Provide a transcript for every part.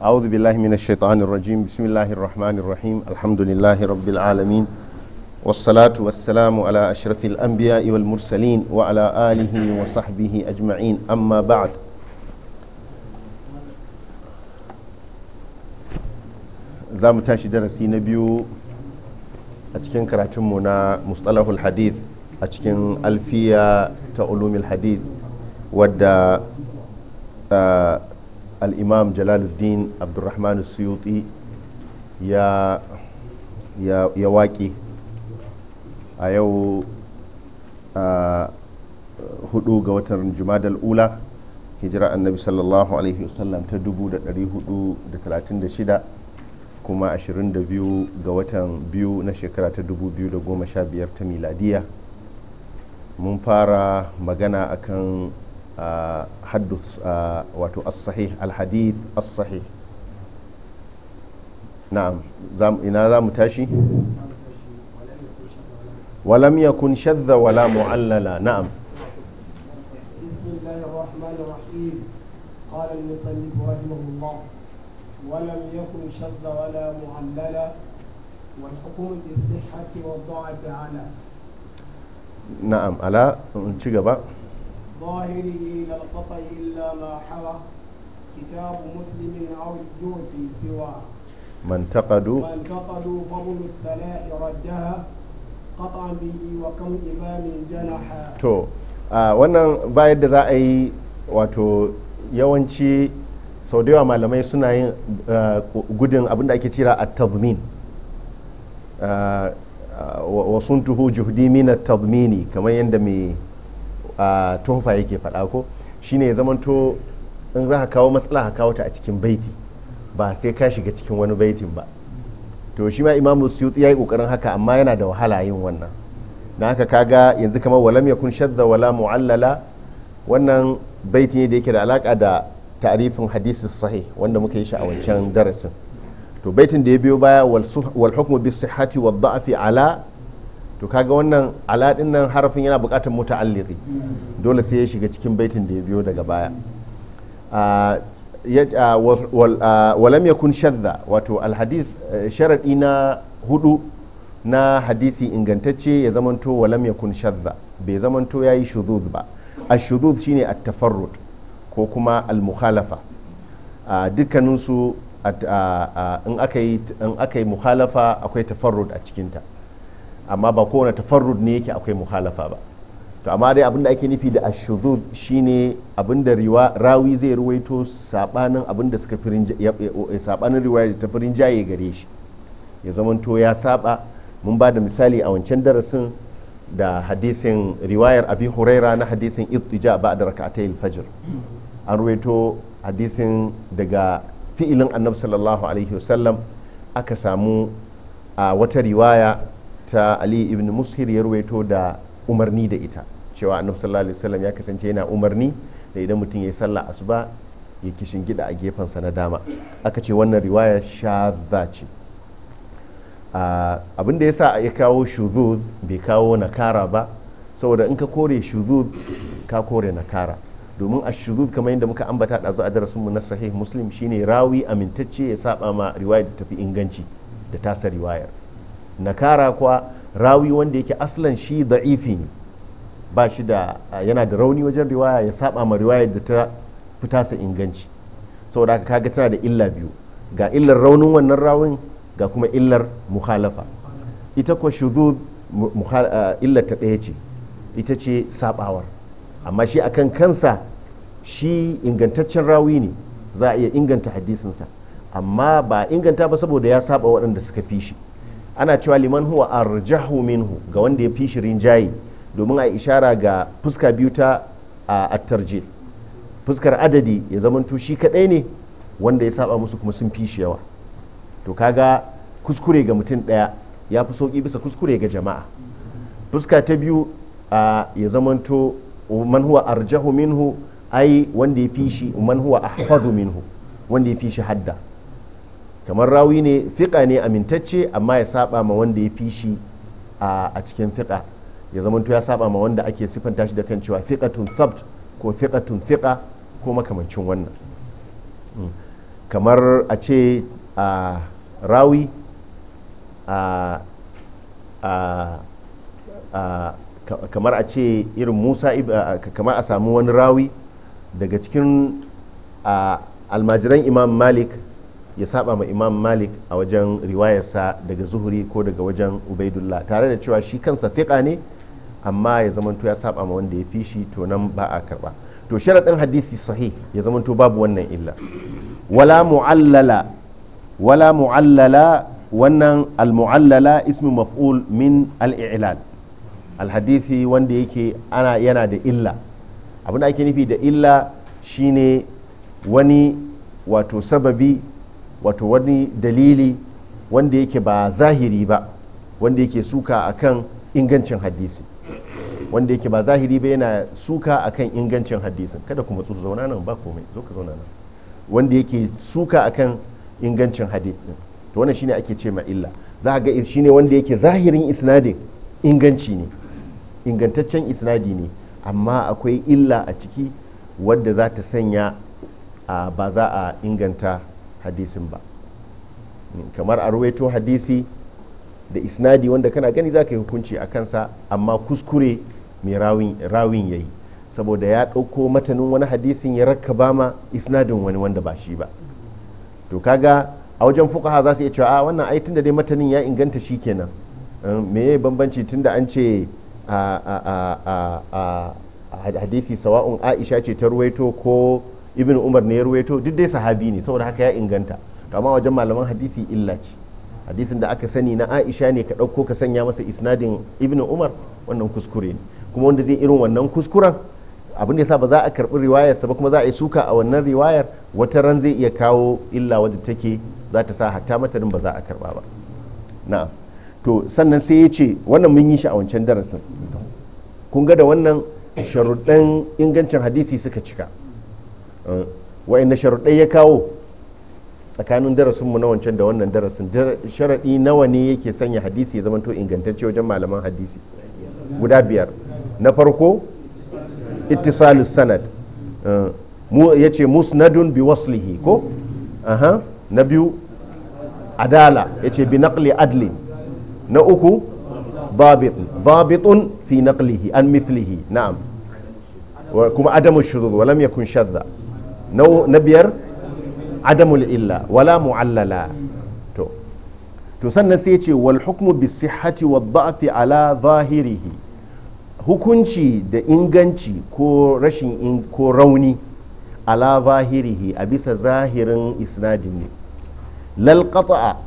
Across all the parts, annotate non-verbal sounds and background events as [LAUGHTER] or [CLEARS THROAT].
أعوذ بالله من الشيطان الرجيم بسم الله الرحمن الرحيم الحمد لله رب العالمين والصلاة والسلام على أشرف الأنبياء والمرسلين وعلى آله وصحبه أجمعين أما بعد za mu tashi darasi na biyu a cikin karatunmu na mustalahul hadith a cikin alfiya ta ulumil hadith wadda al'imam jalaluddin abdurrahman suyuti ya ya waƙe a yau a hudu ga watan jumadal ula hijira annabi sallallahu alaihi wasallam ta 436 kuma 22 ga watan biyu na shekara ta 2015 ta miladiya mun fara magana akan حدث آه، واتو الصحيح الحديث الصحيح نعم as إن هذا ina ولم يكن شذ ولا معللا نعم بسم الله الرحمن الرحيم قال المصنف رحمه الله ولم يكن شذ ولا معللا والحكم بالصحة والضعف على نعم على نشجع ظاهره لا القطع إلا ما حرى كتاب مسلم أو الجهد سوى من تقدوا من تقدوا فضل الثناء ردها قطعا به وكم إمام جنحا تو wannan bayan da za واتو يوانشي sau da yawa malamai suna yin gudun abinda ake cira a tazmin wasu tuhu juhudi min tazmini kamar yadda mai a Tofa yake faɗa ko shine ya zamanto in za ka kawo matsala ka kawo ta a cikin baiti ba sai ka shiga cikin wani baitin ba to shi ma imamu suyuti ya yi kokarin haka amma yana da wahala yin wannan na haka kaga yanzu kamar walam ya kun shadda wala mu'allala wannan baiti ne da yake da alaka da ta'rifin hadisi sahih wanda muka yi shi a wancan darasin to baitin da ya biyo baya wal hukmu bis sihhati wad da'fi ala to kaga wannan aladin nan harafin yana bukatar alliri dole sai ya shiga cikin baitin da ya biyo daga baya walam kun shadda wato alhadis eh, sharaɗi na hudu na hadisi ingantacce ya zamanto walam kun shadda bai zamanto yi shuzuz ba a ashuzuz shine a tafarrut ko kuma al-mukhalafa dukkaninsu in aka yi mukhalafa akwai tafarrut a cikinta amma ba kowane tafarrud ne yake akwai muhalafa ba to amma dai abinda ake nufi da ashuzud shine abinda rawi zai ruwaito sabanin abinda suka firin sabanin riwaya ta firin jaye gare shi ya zamanto ya saba mun ba da misali a wancan darasin da hadisin riwayar abi huraira na hadisin ittija ba da raka'atai alfajr an ruwaito hadisin daga fi'ilin annabi sallallahu alaihi wasallam aka samu a wata riwaya ta ali ibn mushir ya ruwaito da umarni da ita cewa annabi sallallahu alaihi wasallam ya kasance yana umarni da idan mutum ya yi sallah asuba ya kishin gida a gefen sa na dama aka ce wannan riwaya shadda ce abin da yasa ya kawo shuzuz bai kawo nakara ba saboda in ka kore shuzuz ka kore nakara domin a shuzuz kamar yadda muka ambata ɗazu a mu na sahih muslim shine rawi amintacce ya saba ma riwaya da tafi inganci da tasa riwayar nakara kuwa rawi wanda yake aslan shi da ne ba shi da yana da rauni wajen riwaya ya saba ma riwaya da ta fita sa inganci saboda haka kaga tana da illa biyu ga illar raunin wannan rawin ga kuma illar muhalafa ita ko shudud illar ta ɗaya ce ita ce sabawar amma shi akan kansa shi ingantaccen rawi ne za a iya inganta hadisinsa amma ba inganta ba saboda ya saba waɗanda suka fi shi ana cewa liman huwa arjahu minhu ga wanda ya fi shi rinjaye domin a ishara ga fuska biyu ta a attarji fuskar adadi ya zamanto shi kaɗai ne wanda ya saba musu kuma sun fi shi yawa to kaga kuskure ga mutum ɗaya ya fi sauki bisa kuskure ga jama'a fuska ta biyu ya zamanto man huwa arjahu minhu ai wanda ya fi shi man huwa ahfadu minhu wanda ya fi shi hadda kamar rawi ne fiƙa ne amintacce amma ya saba ma wanda ya fi shi a cikin fiƙa ya zama ya saba ma wanda ake siffanta shi da kan cewa fiƙatun thabt ko fiƙatun fiƙa ko makamancin wannan hmm. kamar a ce a rawi kamar a ce irin musa kamar a samu wani rawi daga cikin almajiran imam malik ya saba ma imam malik a wajen riwayarsa daga zuhuri ko daga wajen ubaidullah tare da cewa shi kansa fiƙa ne amma ya zamanto ya saba ma wanda ya fi shi to nan ba a karba to sharaɗin hadisi sahih ya zamanto babu wannan illa wala mu'allala wala mu'allala wannan al-mu'allala ismi maf'ul min al-i'lal al-hadisi wanda yake ana yana da illa abin da ake nufi da illa shine wani wato sababi wato wani dalili wanda yake ba zahiri ba wanda yake suka akan ingancin hadisi wanda yake ba zahiri ba yana suka akan ingancin hadisin kada kuma tsu zauna nan ba komai zo ka zauna nan wanda yake suka akan ingancin hadisin to wannan shine ake ce ma illa za ga shine wanda yake zahirin isnadin inganci ne ingantaccen isnadi ne amma akwai illa a ciki wadda za ta sanya ba za a inganta hadisin ba kamar a ruwaito hadisi da isnadi wanda kana gani za ka yi hukunci a kansa amma kuskure mai rawin ya yi saboda ya ɗauko matanin wani hadisin ya ba ma isnadin wani wanda ba shi ba to kaga a wajen fukaha za su iya cewa a wannan ai tunda dai matanin ya inganta shi kenan me ya bambanci tunda an ce a hadisi sawa'un aisha ce ta ruwaito ko ibn umar ne ya ruwaito duk dai sahabi ne saboda haka ya inganta to amma wajen malaman hadisi illa ce hadisin da aka sani na aisha ne ka ɗauko ka sanya masa isnadin ibn umar wannan kuskure ne kuma wanda zai irin wannan kuskuren abin da yasa ba za a karɓi riwayar sa ba kuma za a yi suka a wannan riwayar wata ran zai iya kawo illa wadda take za ta sa hatta matanin ba za a karɓa ba na'am to sannan sai ya ce wannan mun yi shi a wancan darasin kun ga da wannan sharuɗan ingancin hadisi suka cika wa'in sharaɗai ya kawo tsakanin darasinmu na wancan da wannan darasin sharaɗi nawa ne yake sanya hadisi ya zamanto ingantacce wajen malaman hadisi guda biyar na farko ittisalus sanad eh, ya ce musnadun bi waslihi ko na biyu adala ya ce bi naqli adlin na uku ضابط في نقله عن مثله نعم وكما عدم الشذوذ ولم يكن شذا na biyar adamul illa wala mu'allala to to sannan sai ce wal hukmu bi sihhati wa dha'fi ala zahirihi hukunci da inganci ko rashin ko rauni ala zahirihi a bisa zahirin isnadin ne lal qata'a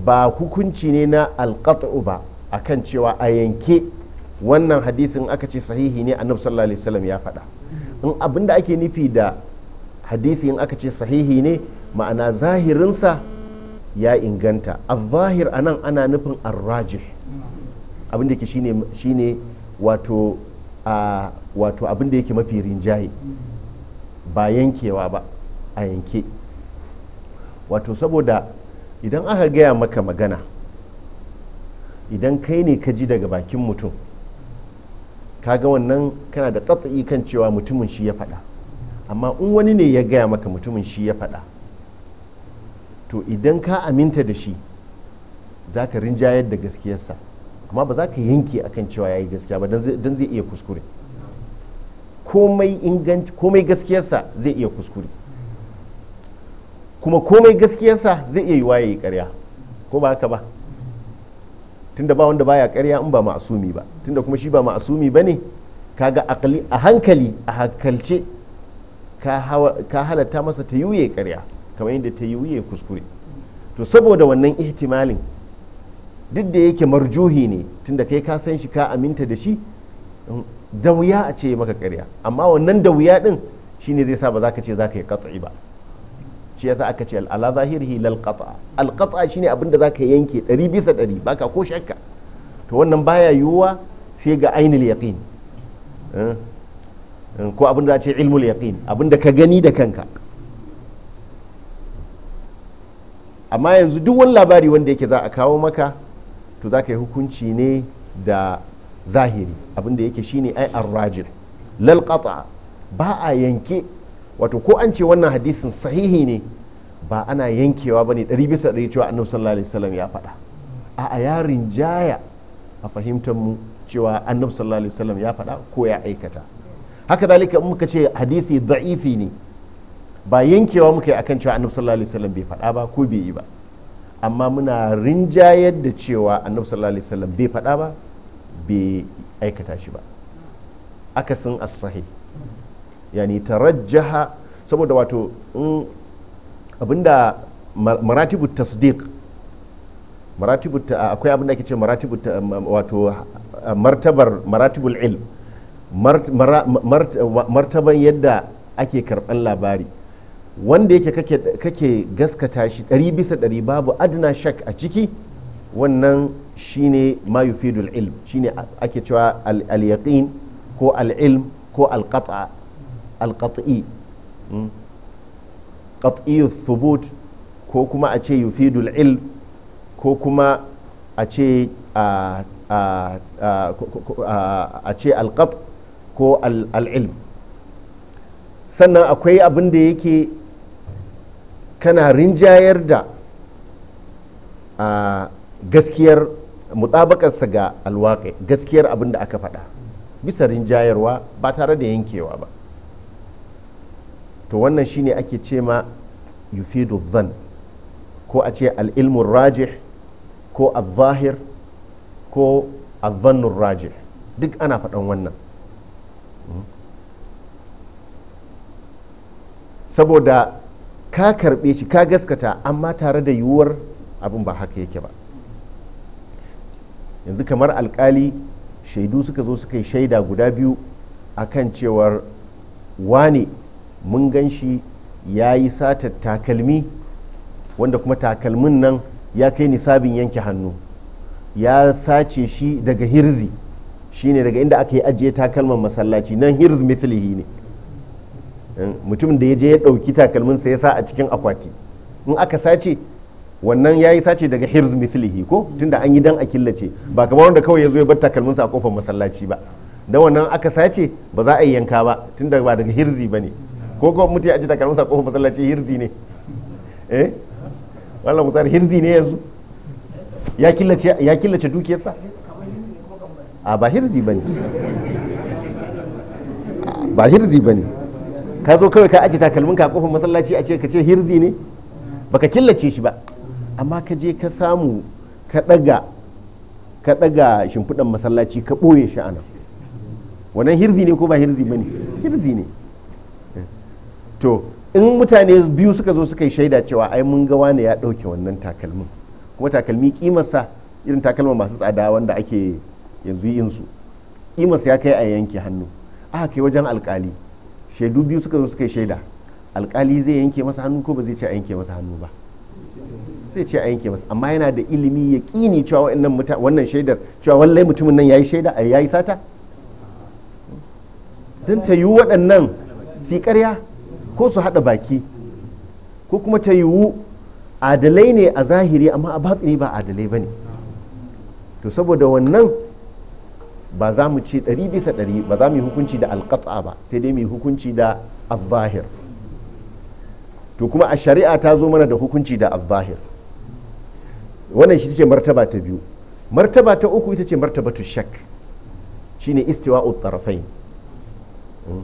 ba hukunci ne na al ba akan cewa a yanke wannan hadisin aka ce sahihi ne annabi sallallahu alaihi wasallam ya faɗa in abinda ake nufi da hadisi in aka ce sahihi ne ma'ana zahirinsa ya inganta al-zahir a nan ana nufin arrajih abinda yake shine wato abinda yake mafi rinjaye ba yankewa ba a yanke wato saboda idan aka gaya maka magana idan kai ne ka ji daga bakin mutum kaga wannan kana da tsatsa'i kan cewa mutumin shi ya faɗa amma in wani ne ya gaya maka mutumin shi ya faɗa to idan ka aminta da shi za ka rinjayar da gaskiyarsa amma ba za ka yanke akan cewa ya yi gaskiya ba don zai iya kuskure komai gaskiyarsa zai iya kuskure kuma komai gaskiyarsa zai iya yi ya karya ko ba haka ba tunda ba wanda baya karya in ba ma'asumi ba tunda kuma shi ba ma'asumi ba ne kaga a hankali a hankalce ka halatta masa ta yuye karya kamar yadda ta yuye kuskure to saboda wannan ihtimalin duk da yake marjuhi ne tunda kai ka san shi ka aminta da shi mm, da wuya a ce maka karya amma wannan da wuya din shine zai sa ba za ka ce za ka yi katsi ba shi yasa aka ce ala zahirihi lal qata al qata shine abin da zaka yanke 100 bisa 100 baka ko shakka to wannan baya yiwuwa sai ga ainul yaqin eh? ko abin da ce ilmul yaqin abin da ka gani da kanka amma yanzu duk wani labari wanda yake za a kawo maka to za ka yi hukunci ne da zahiri abin da yake shine ai arrajin lal ba a yanke wato ko an ce wannan hadisin sahihi ne ba ana yankewa bane ɗari bisa ɗari cewa annabi sallallahu alaihi wasallam ya faɗa a a yarin jaya a fahimtar mu cewa annabi sallallahu alaihi wasallam ya faɗa ko ya aikata haka dalika in muka ce hadisi da'ifi ne ba yankewa muka yi akan cewa annabi sallallahu alaihi wasallam bai faɗa ba ko bai yi ba amma muna rinjayar da cewa annabi sallallahu alaihi wasallam bai faɗa ba bai aikata shi ba aka sun asahi yani tarajjaha saboda wato in abinda maratibu tasdiq maratibu akwai abinda ake ce maratibu wato martabar maratibul ilm martaban yadda ake karɓar labari wanda yake kake gaskata shi ɗari bisa ɗari babu adina shak a ciki wannan shine ma yufidul ilm shine ake cewa al ko al-ilm ko al-qat'a al hmm? thubut ko kuma a ce yufidul ilm ko kuma a ce a ce al ko al'ilm sannan akwai abin da yake kana rinjayar da gaskiyar mutabakarsa ga alwaƙe gaskiyar abin da aka faɗa bisa rinjayarwa ba tare da yankewa ba to wannan shine ake ce ma yufidu zan ko a ce al'ilmun rajih ko al ko al-zannun rajih duk ana faɗan wannan saboda ka karbe shi ka gaskata amma tare da yiwuwar abin ba haka yake ba yanzu kamar alkali shaidu suka zo suka yi shaida guda biyu akan cewar wane mun gan shi ya yi satar takalmi wanda kuma takalmin nan ya kai nisabin yanke hannu ya sace shi daga hirzi shine daga inda aka yi ajiye takalman masallaci nan hirz mithlihi ne eh, mutum da ya je ya ɗauki takalmin sa ya sa a cikin akwati in aka sace wannan ya yi sace daga hirz mithlihi ko tunda an yi dan a killace ba kamar wanda kawai ya zo ya bar takalmin sa a kofar masallaci ba dan wannan aka sace ba za a yi yanka ba tunda ba daga hirzi ba ne ko kuma mutum ya ajiye takalmin sa a kofar masallaci hirzi ne eh wallahi mutar hirzi ne yanzu ya killace ya killace dukiyarsa a ba hirzi ba ne ka zo kawai ka ajiye takalminka a kofar masallaci a ce ka ce hirzi ne baka killace shi ba amma ka je ka samu ka daga ka daga shimfiɗan masallaci ka ɓoye shi anan wannan hirzi ne ko ba hirzi ba ne hirzi ne to in mutane biyu suka zo suka yi shaida cewa ai mun ga wane ya ɗauke wannan takalmin kuma takalmi kimarsa irin takalma masu tsada wanda ake yanzu yin su imas ya kai a yanke hannu aka kai wajen alkali shaidu biyu suka zo suka yi shaida alkali zai yanke masa hannu ko ba zai ce a yanke masa hannu ba zai ce a yanke masa amma yana da ilimi ya kini cewa wannan shaidar cewa wallai mutumin nan yayi shaida a yayi sata dan ta yiwu waɗannan sikarya ƙarya ko su haɗa baki ko kuma ta yiwu adalai ne a zahiri amma a batsini ba adalai ba ne to saboda wannan ba za mu ce ɗari bisa ɗari ba za mu yi hukunci da alƙat'a ba sai dai mu yi hukunci da al to kuma a shari'a ta zo mana da hukunci da al wannan shi ce martaba ta biyu martaba ta uku ita ce martaba martabatu shak shine istiwa'u tarafain hmm?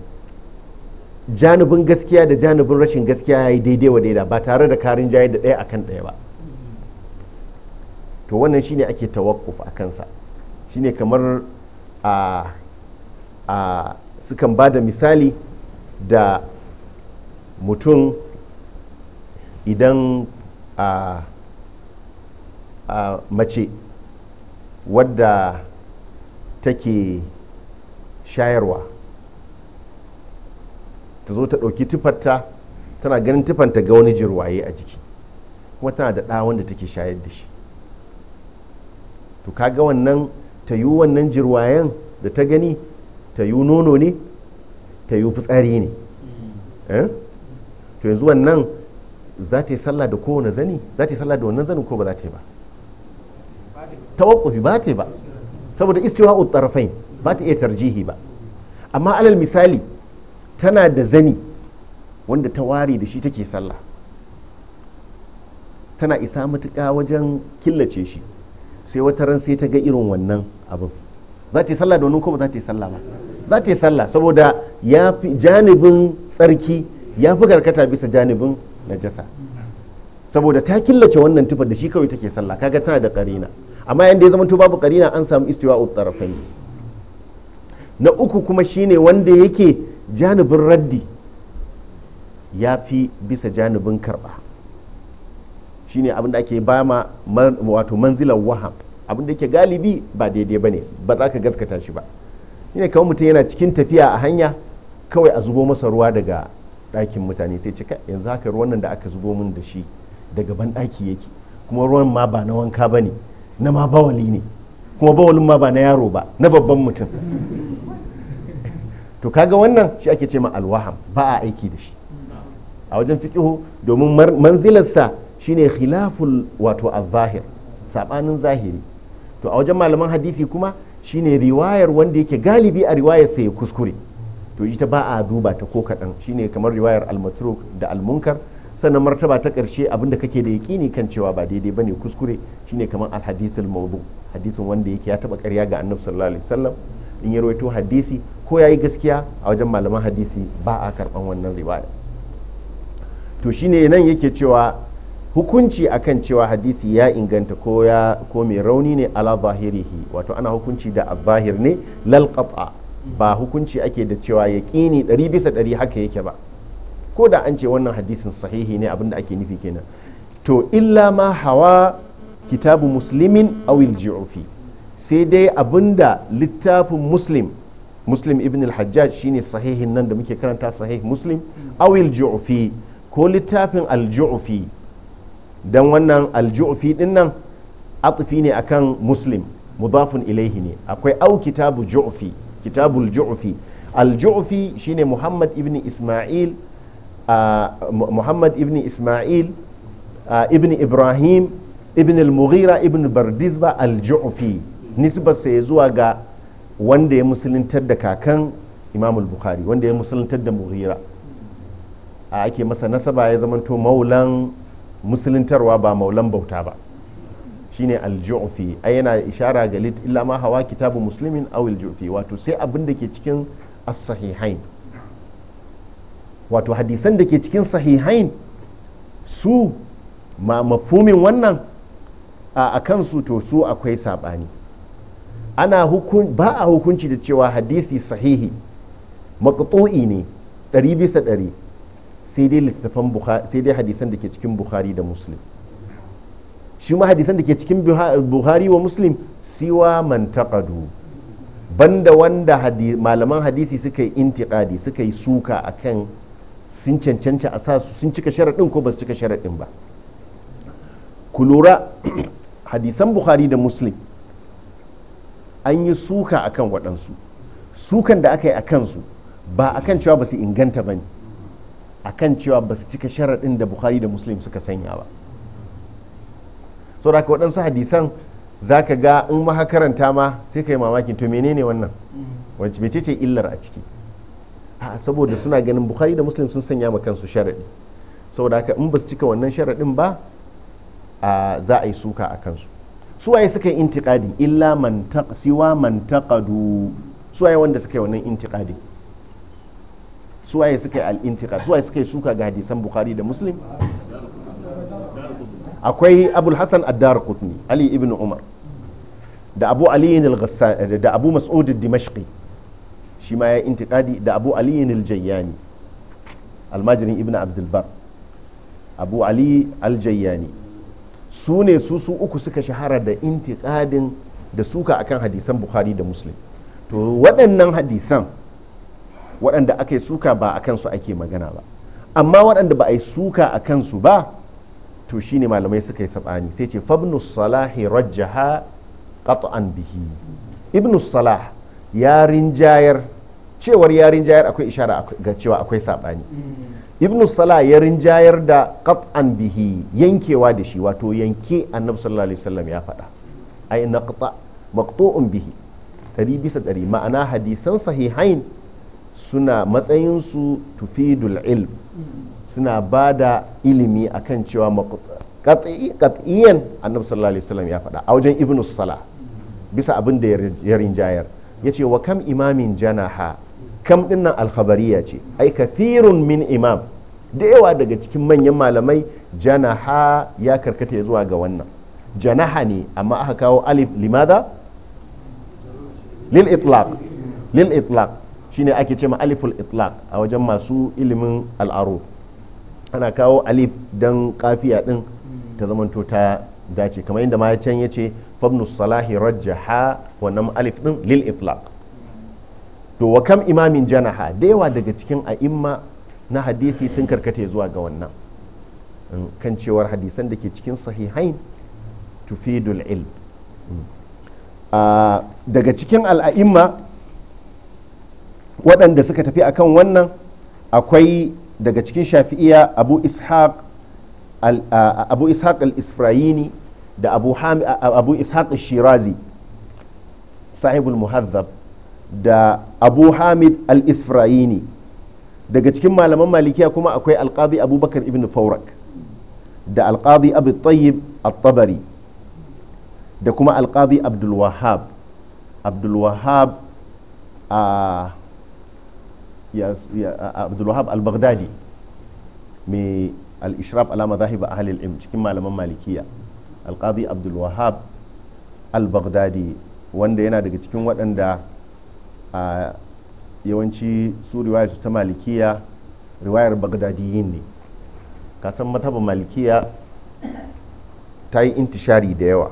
janibin gaskiya da janibin rashin gaskiya ya yi daidai wa daida ba tare da karin jayi da ɗaya akan ɗaya ba to wannan shine ake tawakuf a kansa shine kamar a a sukan ba da misali da mutum idan a a mace wadda take shayarwa ta zo ta ɗauki tufarta tana ganin tufanta ga wani jirwaye a jiki kuma tana da ɗa wanda take shayar da shi to kaga wannan ta yi wannan jirwayen da ta gani ta yi nono ne ta yi fitsari ne mm. eh? to yanzu wannan za ta yi sallah da kowane zani za ta yi sallah da wannan zanin ko ba za ta yi ba tawakkufi ba ta yi ba saboda a tsarafai ba ta iya tarjihi ba amma alal misali tana da zani wanda ta ware da shi take sallah tana isa matuƙa wajen killace shi sai wata ran sai ta ga irin wannan abin za ta yi sallah domin ko ba za ta yi sallah ba za ta yi sallah saboda ya fi janibin tsarki ya fi karkata bisa janibin najasa saboda ta killace wannan tufa da shi kawai take sallah kaga tana da karina amma yanda ya zama to babu karina an samu a tarafai na uku kuma shine wanda yake janibin raddi ya fi bisa janibin karba shine abin da ake ba ma wato manzilar waham abin da yake galibi ba daidai ba ne ba za ka gaskata shi ba ne kawai mutum yana cikin tafiya a hanya kawai a zubo masa ruwa daga ɗakin mutane sai cika yanzu haka ruwan nan da aka zubo min da shi daga ban ɗaki yake kuma ruwan ma ba na wanka ba ne na ma bawali ne kuma bawalin ma ba na yaro ba na babban mutum [LAUGHS] to kaga wannan shi ake ce ma alwaham ba a aiki da shi a wajen fiqihu domin manzilarsa shine khilaful wato al-zahir sabanin zahiri to a wajen malaman hadisi kuma shine riwayar wanda yake galibi a riwayar sai kuskure to ita ba a duba ta ko kaɗan shine kamar riwayar almatruk da almunkar sannan martaba ta ƙarshe abinda kake da yaƙini kan cewa ba daidai bane kuskure shine kamar alhadithul mawdu hadisin wanda yake ya taba ƙarya ga annabi sallallahu alaihi wasallam in ya rawaito hadisi ko yayi gaskiya a wajen malaman hadisi ba a karban wannan riwaya to shine nan yake cewa hukunci akan cewa hadisi ya inganta ko ya ko mai rauni ne ala zahirihi wato ana hukunci da azahir ne lal ba hukunci ake da cewa yaqini 100 bisa 100 haka yake ba ko da an ce wannan hadisin sahihi ne abinda ake nufi kenan to illa ma hawa kitabu muslimin awil ji'ufi sai dai abinda littafin muslim muslim ibn al-hajjaj shine sahihin nan da muke karanta sahih muslim awil ju'fi ko littafin al-ju'fi dan wannan aljufi din nan atfi ne akan muslim mudafun ilaihi ne akwai au kitabu ju'fi kitabul ju'fi al shine muhammad ibn isma'il muhammad ibn isma'il ibn ibrahim ibn al-mughira ibn bardizba alju'ufi nisbar sai zuwa ga wanda ya musuluntar da kakan imam al-bukhari wanda ya musuluntar da mughira ake masa nasaba ya zamanto maulan musuluntarwa ba maulan bauta ba shine aljufi ai yana ishara ga lit illa ma hawa kitabu muslimin aw aljufi wato sai abin da ke cikin as wato hadisan da ke cikin sahihain su ma mafumin wannan a kansu to su akwai sabani ana hukun ba a hukunci da cewa hadisi sahihi maqtu'i ne ɗari bisa ɗari sai dai littattafan bukhari sai dai hadisan da ke cikin bukhari da muslim shi ma hadisan da ke cikin bukhari wa muslim siwa man taqadu banda wanda malaman hadisi suka yi intiqadi suka yi suka akan sun cancanta a sa sun cika sharaɗin ko ba su cika sharaɗin ba ku lura [CLEARS THROAT] hadisan bukhari da muslim an yi suka akan waɗansu sukan da aka yi a kansu ba akan cewa ba su inganta ba ne akan cewa ba su cika sharaɗin da bukhari da muslim suka sanya ba saboda ka waɗansu hadisan za ka ga in maha karanta ma sai ka yi mamakin to menene wannan wacce mece ce illar a ciki saboda suna ganin bukhari da muslim sun sanya ma kansu sharaɗi saboda haka in ba su cika wannan sharaɗin ba za a yi suka a kansu suwaye suka yi intiƙadi illa man siwa suwaye wanda suka yi wannan intiƙadi suwaye suka yi al'intika suwaye suka yi suka ga hadisan bukhari da muslim akwai abul hasan addar kutni ali ibn umar da abu aliyin da abu mas'udin dimashqi shi ma ya intiqadi da abu aliyin aljayyani almajirin ibn abdulbar abu ali aljayyani su ne su su uku suka shahara da intiqadin da suka akan hadisan bukhari da muslim to waɗannan hadisan waɗanda aka yi suka ba a kansu ake magana ba amma waɗanda ba a yi suka a kansu ba to shine malamai suka yi saɓani sai ce fabnu salahi rajjaha qat'an bihi ibnu salah ya rinjayar cewar ya rinjayar akwai ishara ga cewa akwai saɓani ibnu salah ya rinjayar da qat'an bihi yankewa da shi wato yanke annabi sallallahu ya faɗa ai naqta bihi ɗari bisa ɗari ma'ana hadisan sahihain suna matsayinsu tufidul ilm suna ba da ilimi akan cewa kat'iyan annabi sallallahu alaihi wasallam ya faɗa a wajen ibn sala bisa abin da ya rinjayar ya ce wa kam imamin janaha kam dinnan alkhabariya ce ai kathirun min imam da yawa daga cikin manyan malamai janaha ya karkata ya zuwa ga wannan janaha ne amma aka kawo alif limada lil itlaq lil itlaq shine ake ce ma aliful itlaq a wajen masu ilimin al'aro ana kawo alif dan kafiya din ta zamanto ta dace kamar yadda ma can ya ce fabnu salahi wa wannan alif din lil itlaq to wa kam imamin janaha da yawa daga cikin a'imma na hadisi sun karkata zuwa ga wannan mm, kan cewar hadisan da ke cikin sahihain tufidul ilm mm. ah, daga cikin al'a'imma waɗanda suka tafi akan wannan akwai daga cikin shafi'iya abu ishaq al-isra'ini da abu ishaq al-shirazi sahibul muhazzab da abu hamid al-isra'ini daga cikin malaman malikiya kuma akwai alqadi abubakar ibn faurak da alqadi abu tayyib al-tabari da kuma alqadi abdul wahab abdul wahab abdulwahab al-baghdadi mai al-ishraf alama zahiba a halin im cikin malaman malikiya al-qadi abdulwahab al-baghdadi wanda yana daga cikin waɗanda a yawanci su riwayar su ta malikiya riwayar bagdadiyin ne kasan mataba malikiya ta yi intishari da yawa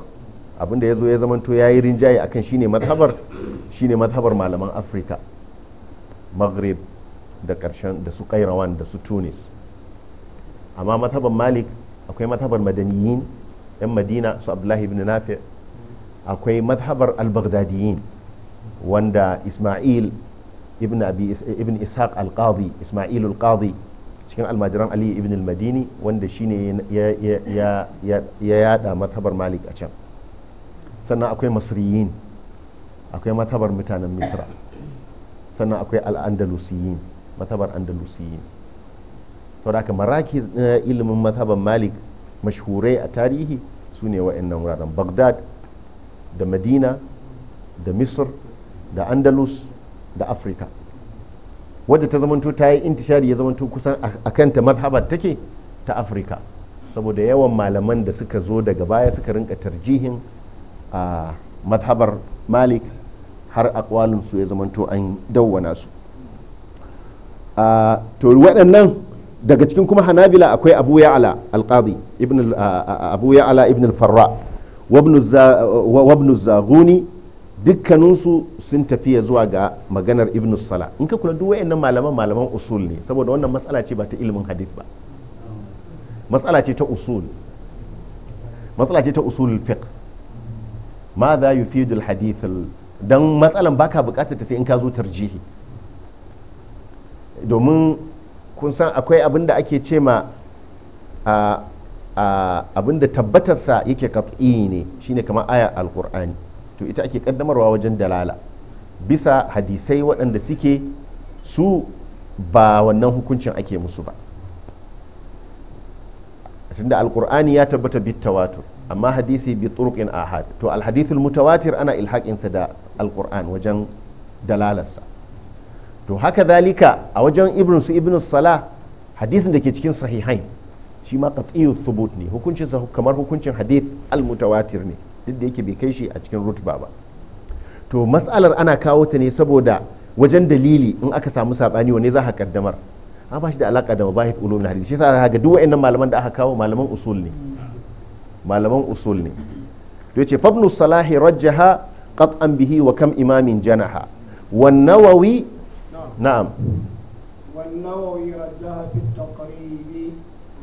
abin da ya zo ya zamanto ya yi rinjaye akan shine mazhabar shine mazhabar malaman afirka maghrib da karshen da su kairawan da su tunis amma matabar malik akwai matabar madaniyin yan madina su abdullahi ibn nafi akwai matabar al-baghdadiyin wanda isma'il ibn abi ibn ishaq al-qadi isma'il al-qadi cikin almajiran ali ibn al-madini wanda shine ya ya ya yada matabar malik a can sannan akwai masriyin akwai matabar mutanen misra sannan akwai al-andalusiyin matabar andalusiyi ne to da maraki na ilimin matabar malik mashhurai a tarihi su ne wa'annan wuraren bagdad da madina da misr da andalus da afirka wadda ta zamanto ta yi intishari ya zamanto kusan a kanta mazhabar take ta afirka saboda yawan malaman da suka zo daga baya suka rinka tarjihin a mazhabar malik har akwalin su ya zamanto an dawwana su to waɗannan daga cikin kuma hanabila akwai abu ya'ala alqadi ibn abu ya'ala ibn al-farra wa ibn dukkaninsu sun tafiya zuwa ga maganar ibn sala in ka kula duk wayannan malaman malaman usul ne saboda wannan matsala ce ba ta ilimin hadith ba matsala ce ta usul matsala ce ta usul fiqh ma za yufidu al dan matsalan baka bukatar ta sai in ka zo tarjihi domin kun san akwai abin da ake ce ma abin da tabbatarsa yake kat'i ne shine kamar aya alkur'ani to ita ake ƙaddamarwa wajen dalala bisa hadisai waɗanda suke su ba wannan hukuncin ake musu ba tunda alkur'ani ya tabbata bitawatur amma hadisi bi turuqin ahad to alhadithul mutawatir ana ilhaqinsa da alkur'an wajen dalalarsa to haka zalika a wajen ibn su ibn salah hadisin da ke cikin sahihain shi ma qat'iyyu thubut ne hukuncin sa kamar hukuncin hadith al mutawatir ne duk da yake bai kai shi a cikin rutba ba to mas'alar ana kawo ta ne saboda wajen dalili in aka samu sabani wane za a kaddamar a ba shi da alaka da mabahith ulumul hadith shi yasa ga duk wayannan malaman da aka kawo malaman usul ne malaman usul ne to yace fabnu salahi rajjaha qat'an bihi wa kam imamin janaha wan nawawi نعم والنووي رجها في التقريب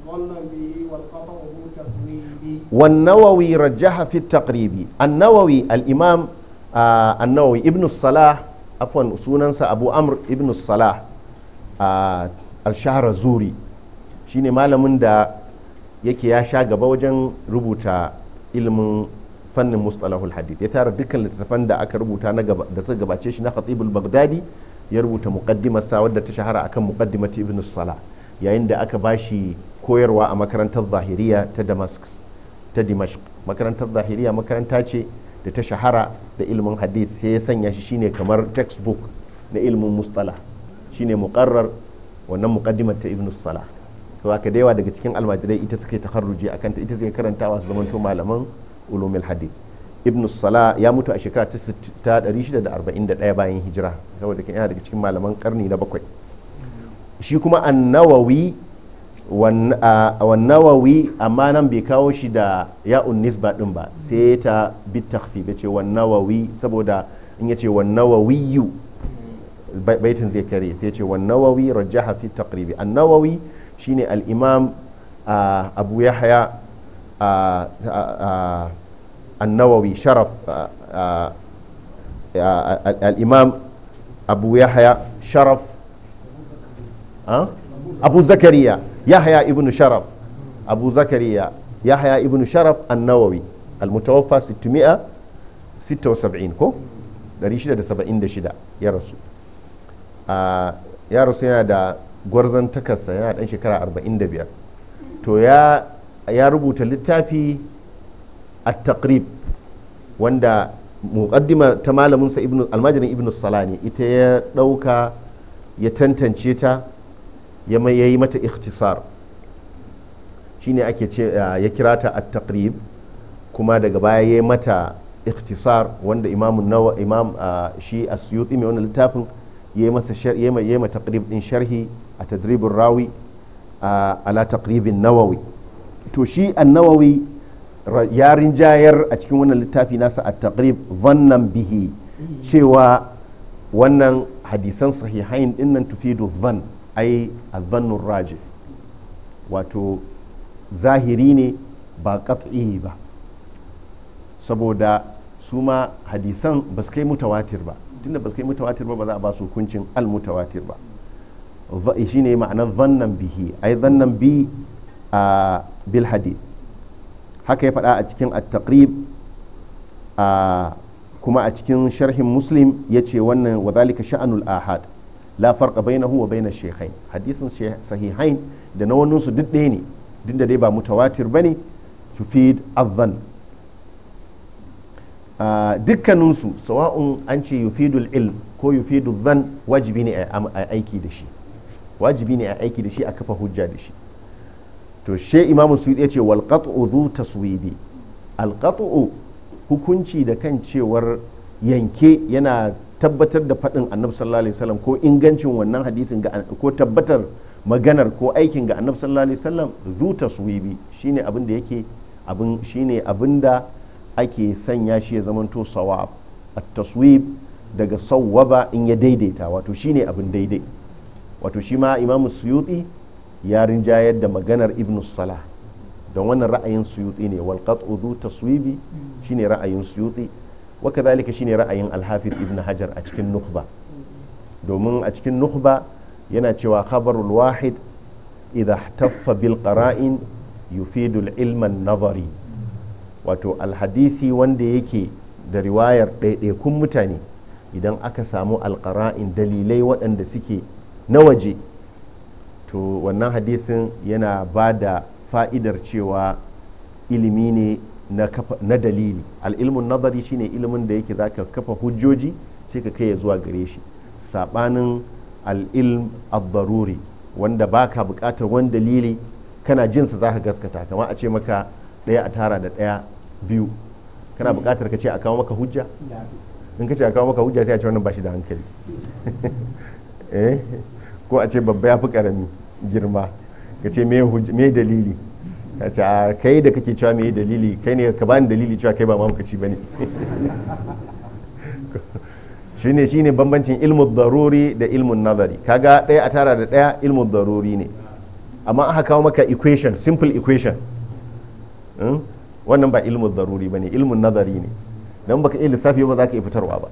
ظن به والخطأ هو تصويب والنووي رجها في التقريب النووي الإمام آه النووي ابن الصلاح عفوا سننسى أبو أمر ابن الصلاح آه الشهر زوري shine malamin da yake ya sha gaba wajen rubuta ilimin fannin mustalahul hadith ya tara dukkan littattafan da aka rubuta da suka gabace shi na khatibul bagdadi ya rubuta sa wadda ta shahara akan mukaddimar ibn sala yayin da aka bashi koyarwa a makarantar zahiriya ta damascus ta dimashq makarantar zahiriya makaranta ce da ta shahara da ilmin hadith sai ya sanya shi shine kamar textbook na ilmin mustala shine muqarrar wannan mukaddimar ta ibn sala to aka da yawa daga cikin almajirai ita suka yi taharruji akan ta ita suka karantawa su zamanto malaman ulumul hadith ibn sala ya mutu a shekara ta 641 bayan hijira saboda yana daga cikin malaman karni na bakwai shi kuma annawawi wannawawi amma nan bai kawo shi da ya'un nisba din ba sai ta bi tafi ya ce wannawawi saboda in ya ce yu baitin zai kare sai ce wannawawi rajaha fi taqribi annawawi shine al-imam abu yahya annawawi sharaf al'imam abu yahya sharaf abu zakariya yahya ibn sharaf abu zakariya yahya ibn sharaf annawawi almutawaffa 676 ko ya rasu ya rasu yana da gwarzon takarsa yana ɗan shekara 45 to ya rubuta littafi at-taqrib wanda muqaddima ta malamin sa ibnu almajirin ita ya dauka ya tantance ta ya mai yayi mata ikhtisar shine ake ce ya kira ta kuma daga baya yayi mata ikhtisar wanda imam shi asyuti mai wannan littafin yayi masa yayi mata din sharhi a tadribin rawi ala taqribin nawawi to shi an-nawawi ya rinjayar a cikin wannan littafi nasa a taqrib zannan bihi cewa wannan hadisan sahihain nan tufidu zan ai azannun raji wato zahiri ne ba kat'i ba saboda su ma hadisan ba su kai mutawatir ba tunda ba su mutawatir ba ba za a ba su hukuncin al-mutawatir ba shi ne ma'anar zannan bihi ai zannan bi a bil hadith haka ya faɗa a cikin at-taqrib kuma a cikin sharhin muslim ya ce wannan wa zalika sha'anul ahad la farqa bainahu wa bainash shaykhain hadisin sahihain da na wannan su duk ɗaya ne duk dai ba mutawatir bane feed adhan dukkanin su sawa'un an ce yufidul ilm ko yufidul dhan wajibi ne a aiki da shi wajibi ne a aiki da shi a kafa hujja da shi to she imamu su ya ce wal qat'u zu taswibi al qat'u hukunci da kan cewar yanke yana tabbatar da faɗin annabi sallallahu alaihi wasallam ko ingancin wannan hadisin ga ko tabbatar maganar ko aikin ga annabi sallallahu alaihi wasallam zu taswibi shine abin da yake abin shine abin da ake sanya shi ya zamanto sawab at-taswib daga sawwaba in ya daidaita wato shine abin daidai wato shi ma imamu suyuti ya rinjayar da maganar ibn salah don wannan ra'ayin suyuti ne wal qat'u taswibi shine ra'ayin suyuti wa kadhalika shine ra'ayin al ibn hajar a cikin nukhba domin a cikin nukhba yana cewa khabarul wahid idha ihtaffa bil qara'in yufidu al ilm an-nazari wato al-hadisi wanda yake da riwayar ɗaiɗaikun mutane idan aka samu qara'in dalilai waɗanda suke na waje to wannan hadisin yana ba da fa'idar cewa ilimi ne na dalili al'ilmun nazari shine ilimin da yake zaka kafa hujjoji sai ka kai ya zuwa gare shi saɓanin al'ilm abbaruri wanda ba ka buƙatar wani dalili kana jinsa za ka gaskata kama a ce maka ɗaya a tara da ɗaya biyu kana buƙatar ka ce a kawo maka hujja in ka ce a kawo maka hujja sai a ce wannan ba shi da hankali [LAUGHS] eh? ko a ce babba ya fi karami girma ka ce me dalili ka ce a kai da kake cewa me dalili kai ne ka bani dalili cewa kai ba mahaukaci ba ne [LAUGHS] shi ne shi ne bambancin ilmin daruri da ilmin nazari kaga ɗaya a tara da ɗaya ilmin daruri ne amma aka kawo maka equation simple equation hmm? wannan ba ilmin daruri ba ne ilmin nazari ne don baka iya lissafi ba za ka iya fitarwa ba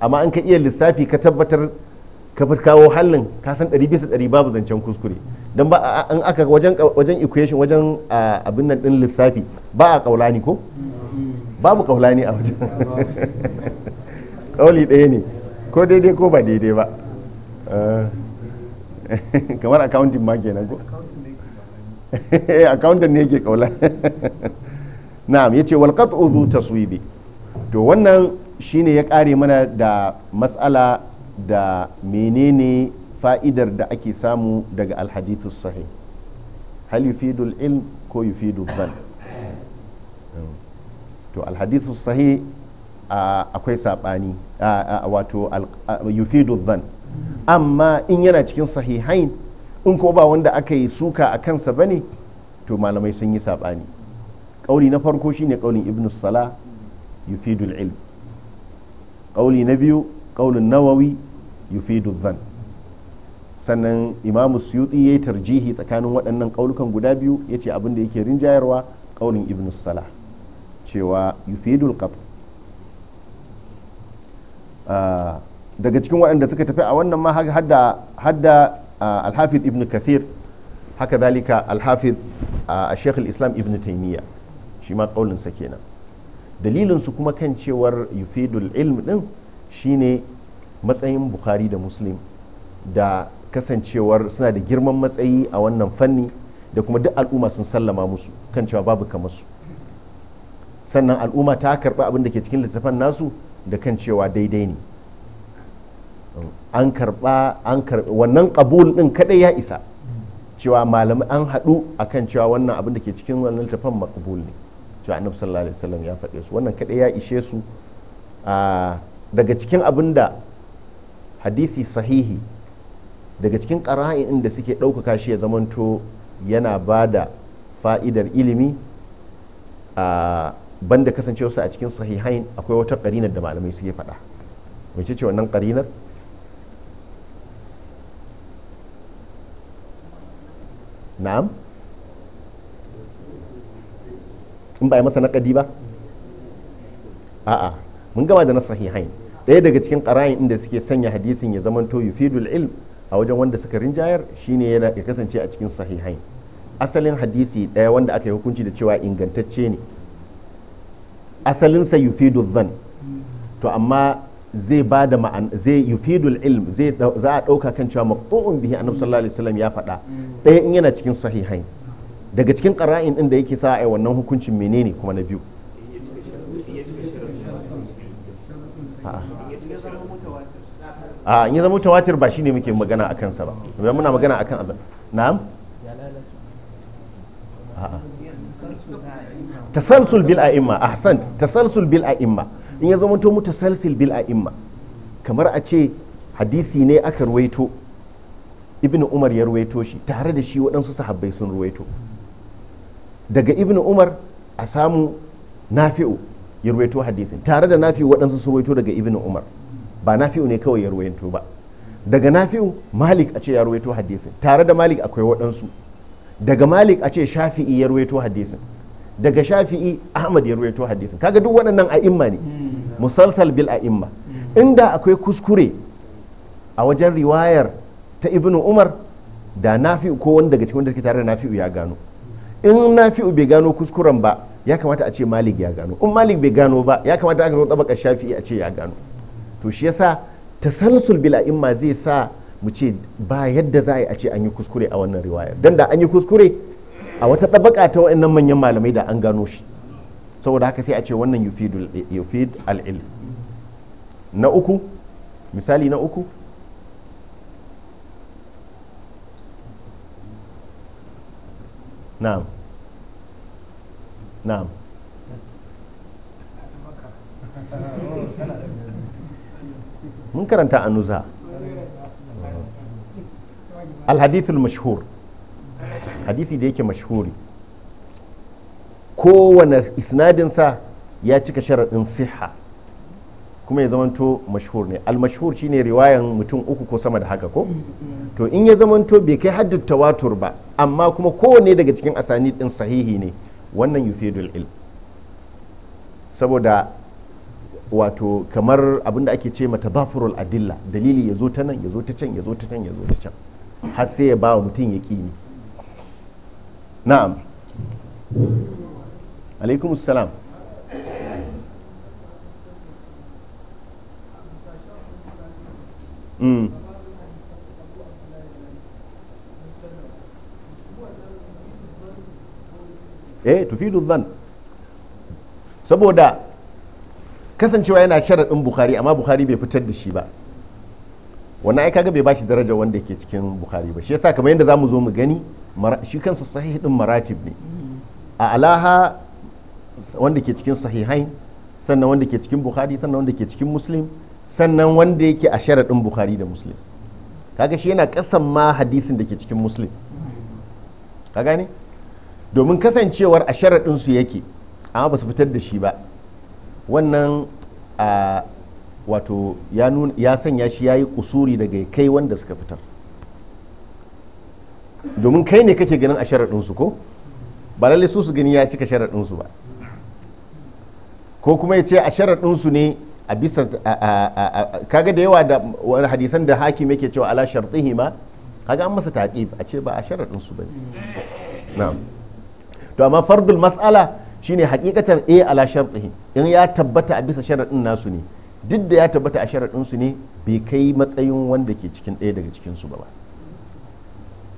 amma an ka iya lissafi ka tabbatar ka fi kawo hallin ka san ɗari bisa ɗari babu zancen kuskure don ba an aka wajen wajen equation wajen abin nan ɗin lissafi ba a kaulani ko babu kaulani a wajen kauli [LAUGHS] ɗaya ne ko daidai ko ba daidai ba eh, [LAUGHS] kamar accounting ma kenan ko eh, accounting ne yake kaula [LAUGHS] na'am yace wal qat'u zu taswibi to wannan shine ya kare mana da mas'ala da menene fa'idar da ake samu daga alhadithus sahih hal yufidul ilm ko yufidul dhan to alhadithus sahih akwai saɓani wato yufidul dhan amma in yana cikin sahihain in ko ba wanda aka yi suka a kansa ba ne to malamai sun yi saɓani ƙauli na farko shine ƙaulin ibn sala yufidul ilm ƙauli na biyu ƙaunin nawawi yufidu zan sannan imamu suyuti ya yi tarjihi tsakanin waɗannan ƙaunukan guda biyu ya ce abinda yake rinjayarwa ƙaunin ibn salah cewa yufidu qat ah, daga cikin waɗanda suka tafi a wannan ma hadda ah, alhafid ibn kathir haka zalika alhafid a ah, shekh islam ibn taimiyya shi ma ƙaulinsa kenan dalilinsu kuma kan cewar yufidul ilmi ɗin shine matsayin bukhari da muslim da kasancewar suna da girman matsayi a wannan fanni da kuma duk al'umma sun sallama musu kan cewa babu kamar su sannan al'umma ta karɓi abin da ke cikin littafan nasu da kan cewa daidai ne an karɓa an karɓi wannan ƙabul ɗin kaɗai ya isa cewa malamai an haɗu a kan cewa wannan abin da ke cikin wannan littafan makabul ne cewa annabi sallallahu alaihi wasallam ya faɗe su wannan kaɗai ya ishe su a ah, daga cikin abin da hadisi sahihi daga cikin ƙara'in da suke ɗaukaka shi ya zamanto yana ba da fa'idar ilimi a banda kasancewarsa a cikin sahihain akwai wata ƙarinar da malamai suke faɗa mai ce wannan ƙarinar na'am in ba yi masa naƙadi ba a'a mun gama da na sahihain ɗaya daga cikin ƙarayin inda suke sanya hadisin ya zamanto yufidul ilm a wajen wanda suka rinjayar shine ya kasance a cikin sahihain asalin hadisi ɗaya wanda aka yi hukunci da cewa ingantacce ne asalinsa yufidu zan to amma zai ba da ma'an zai yufidul ilm zai za a ɗauka kan cewa maqtu'un bihi annabi sallallahu alaihi wasallam ya faɗa ɗaya in yana cikin sahihain daga cikin ƙarain inda da yake sa a wannan hukuncin menene kuma na biyu a in ya zama tawatir ba shine muke magana akan sa ba idan muna magana akan abin na'am tasalsul bil a'imma ahsan tasalsul bil a'imma in ya zama to salsul bil a'imma kamar a ce hadisi ne aka ruwaito ibn umar ya ruwaito shi tare da shi waɗansu sahabbai sun ruwaito daga ibn umar a samu nafi'u ya ruwaito hadisin tare da nafi'u waɗansu sun ruwaito daga ibn umar ba nafi'u ne kawai ya to ba daga nafi'u malik a ce ya ruwaito hadisin tare da malik akwai waɗansu daga malik a ce shafi'i ya to hadisin daga shafi'i ahmad ya ruwaito hadisin kaga duk waɗannan a'imma ne hmm. musalsal bil a'imma hmm. inda akwai kuskure a wajen riwayar ta ibnu umar da nafi'u ko wanda daga cikin wanda suke tare da nafi'u ya gano in nafi'u bai gano kuskuren ba ya kamata a ce malik ya gano in malik bai gano ba ya kamata a gano tsabakar shafi'i a ce ya gano to shi yasa tasalsul bil a'imma zai sa mu ce ba yadda za a ce an yi kuskure a wannan riwaya dan da an yi kuskure a wata ɗabaka ta wayannan manyan malamai da an gano shi saboda haka sai a ce wannan yufid ilm na uku misali na uku na'am na'am [LAUGHS] mun karanta a nuza alhadithul mashhur hadisi da yake mashhuri kowane isnadinsa ya cika sharaɗin siha kuma ya zamanto mashhur ne al shine riwayan mutum uku ko sama da haka ko to in ya zamanto bai kai haddu tawatur ba amma kuma kowane daga cikin asani din sahihi ne wannan yufidul il saboda wato kamar abinda ake ce mata zafirul adilla dalili ya zo ta nan ya zo ta can ya zo ta can ya zo ta can har sai ya ba wa mutum ya ƙini na'am alaikum salam hmm. eh tufidu zan saboda kasancewa yana sharaɗin bukhari amma bukhari bai fitar da shi ba wannan ai kaga bai bashi daraja wanda ke cikin bukhari ba shi yasa kamar yadda zamu zo mu gani shi kansa sahih din maratib ne a alaha wanda ke cikin sahihain sannan wanda ke cikin bukhari sannan wanda ke cikin muslim sannan wanda yake a sharaɗin bukhari da muslim kaga shi yana kasan ma hadisin da ke cikin muslim ka gane domin kasancewar a sharaɗin su yake amma ba su fitar da shi ba wannan a wato ya sanya shi ya yi kusuri daga kai wanda suka fitar domin kai ne kake ganin a sharaɗinsu ko ba lalle su su gani ya cika sharaɗinsu ba ko kuma ya ce a sharaɗinsu ne a bisa kaga da yawa da wani hadisan da hakim yake cewa ala shartihi ma kaga an masa taƙib a ce ba a sharaɗinsu ba ne mm. to amma fardul mas'ala shine hakikatan a ala sharɗi in ya tabbata a bisa sharaɗin nasu ne duk da ya tabbata a sharaɗin su ne bai kai matsayin wanda ke cikin ɗaya daga cikin su ba ba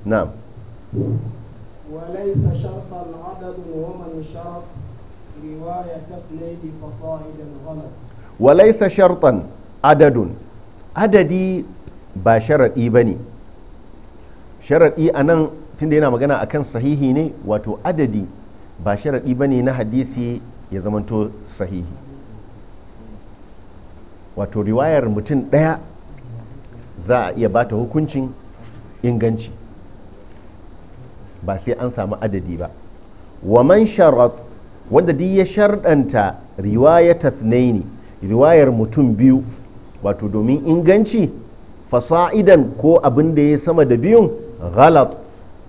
na'am وليس شرط العدد ba sharaɗi ba ne sharaɗi a nan tun da yana magana akan sahihi ne wato adadi ba sharaɗi ba ne na hadisi ya zamanto sahihi wato riwayar mutum ɗaya za a iya bata hukuncin inganci ba sai an samu adadi ba waman sharat wanda duk ya sharɗanta riwayata ne riwayar mutum biyu wato domin inganci fasa'idan ko abin da ya sama da biyun galat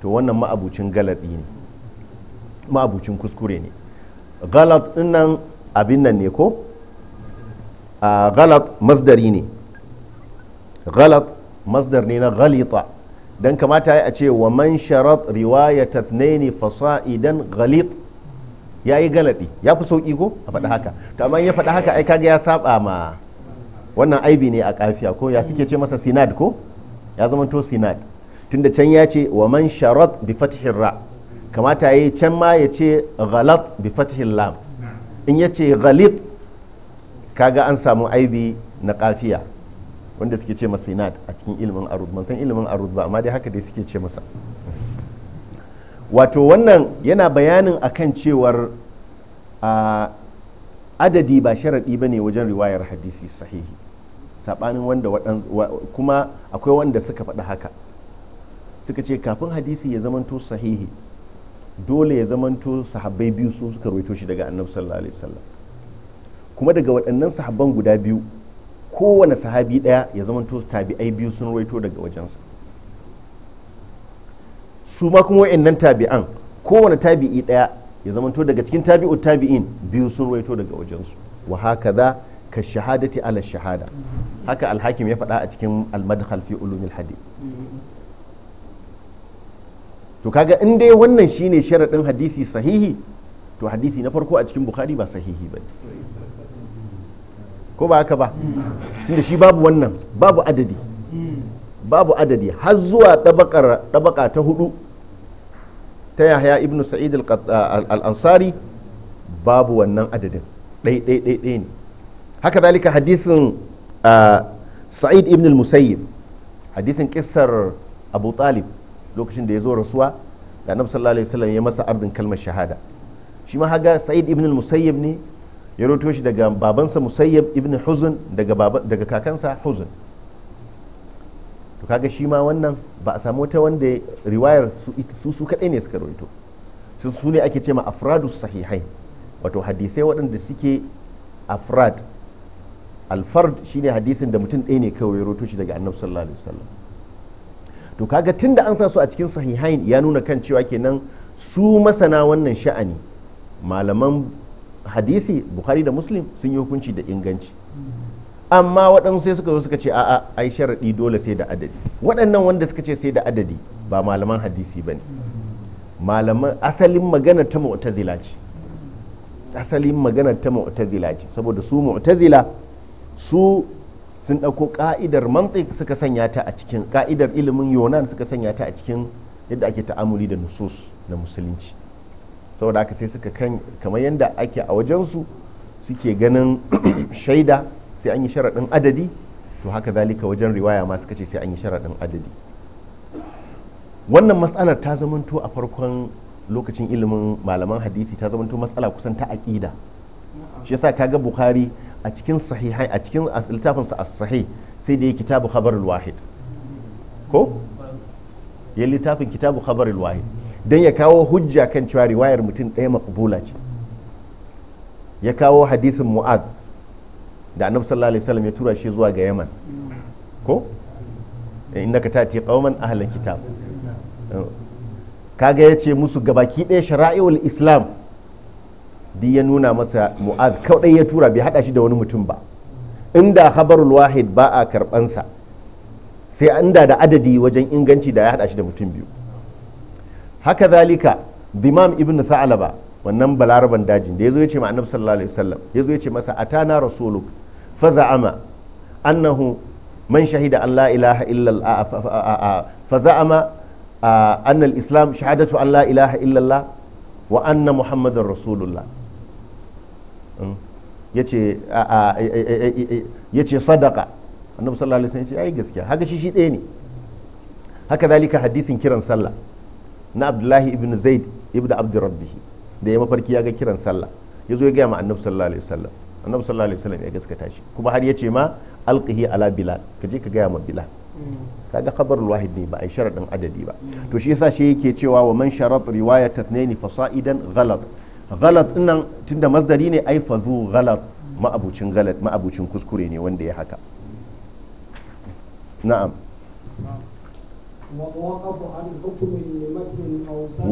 to wannan ma'abucin galadi ne mabucin kuskure ne galat nan abin nan ne ko a galat masdari ne galat masdar ne na galita don kamata ya ce wa man sharat riwaya tatnaini idan galit ya yi galadi ya fi sauƙi ko a faɗi haka to amma ya faɗi haka ai kaga ya saba ma wannan aibi ne a kafiya ko ya suke ce masa sinad ko ya zama to sinad tunda can ya ce wa man sharat bi fathin ra' kamata ya yi can ma ya ce ghalat bi fatihin lam in ya ce ghalit kaga an samu aibi na kafiya wanda suke ce masa inad a cikin ilimin arud ban san ilimin arud ba amma dai haka dai suke ce masa wato wannan yana bayanin akan cewar a adadi ba sharaɗi ba ne wajen riwayar hadisi sahihi saɓanin wanda kuma akwai wanda suka faɗi haka suka ce kafin hadisi ya zamanto sahihi dole ya zamanto sahabbai biyu su suka rawaito shi daga annabi sallallahu alaihi wasallam kuma daga waɗannan sahabban guda biyu kowane sahabi ɗaya ya zamanto tabi'ai biyu sun rawaito daga wajensa su ma kuma waɗannan tabi'an kowane tabi'i ɗaya ya zamanto daga cikin tabi'u tabi'in biyu sun rawaito daga wajensu wa haka za ka shahadati ala shahada haka alhakim ya faɗa a cikin almadhal fi ulumil hadith to kaga in dai wannan shine sharaɗin hadisi sahihi to hadisi na farko a cikin bukhari ba sahihi ba ko ba haka ba tunda shi babu wannan babu adadi babu adadi har zuwa ɗabaƙa ta hudu ta yahya ibnu sa'id al-ansari babu wannan adadin dai dai dai ne haka zalika hadisin ah, sa'id ibn al-musayyib hadisin kissar abu talib lokacin da ya zo rasuwa da annabi sallallahu alaihi wasallam ya masa ardin kalmar shahada shi ma haga sa'id ibn musayyib ne ya roto shi daga babansa musayyib ibn huzun daga kakansa huzun to kaga shi ma wannan ba a samu wata wanda riwayar su su kadai ne suka roto su su ne ake ce ma afradus sahihai wato hadisai waɗanda suke afrad alfard shine hadisin da mutum ɗaya ne kawai ya roto daga annabi sallallahu alaihi wasallam to kaga tunda an sa su a cikin sahihain ya nuna kan cewa kenan su masana wannan sha'ani malaman hadisi bukhari da muslim sun yi hukunci da inganci amma waɗansu sai suka zo suka ce a'a ai sharaɗi dole sai da adadi waɗannan wanda suka ce sai da adadi ba malaman hadisi ba malaman asalin magana ta mu'tazila ce asalin magana ta mu'tazila ce saboda su mu'tazila su sun ɗauko ka'idar mantik suka sanya ta a cikin ka'idar ilimin yonan suka sanya ta a cikin yadda ake ta'amuli da nusus na musulunci saboda haka sai suka kan kamar yadda ake a wajensu suke ganin [COUGHS] shaida sai an yi sharaɗin adadi to haka zalika wajen riwaya ma suka ce sai an yi sharaɗin adadi wannan matsalar ta zamanto a farkon lokacin ilimin malaman hadisi ta zamanto matsala kusan ta aƙida shi yasa kaga bukhari a cikin sahihai a cikin littafinsa a sahih sai da ya kitabu khabarul wahid ko ya littafin kitabu khabarul wahid dan ya kawo hujja kan cewa riwayar mutum ɗaya maqbula ce ya kawo hadisin mu'ad da annabi sallallahu alaihi wasallam ya tura shi zuwa ga yaman ko eh, innaka tati qauman ahlul kitab eh, kaga yace musu gabaki ɗaya shara'iul islam duk ya nuna masa mu'ad kawai ya tura bai hada shi da wani mutum ba inda khabarul wahid ba a karbansa sai inda da adadi wajen inganci da ya hada shi da mutum biyu haka zalika dimam ibn sa'alaba wannan balaraban dajin da yazo ya ce ma annabi sallallahu alaihi wasallam yazo ya ce masa atana rasuluk faza'ama annahu man shahida an la ilaha illa faza'ama anna al-islam shahadatu an la ilaha illa wa anna muhammadar rasulullah ya ce sadaka annabi sallallahu alaihi wasallam ya ce ai gaskiya haka shi shi ɗaya ne haka zalika hadisin kiran sallah na abdullahi ibn zaid ibn abdurrabbihi da ya mafarki ya ga kiran sallah ya zo ya gaya ma annabi sallallahu alaihi wasallam annabi sallallahu alaihi wasallam ya gaskata shi kuma har ya ce ma alqihi ala bilal ka je ka gaya ma bilal kaga khabarul wahid ne ba a yi sharaɗin adadi ba to shi yasa shi yake cewa wa man sharad riwayat ithnaini fasa'idan ghalat ghalat tun tunda masdari ne ai fazu ghalat ma'abucin galat ma'abucin kuskure ne wanda ya haka na'am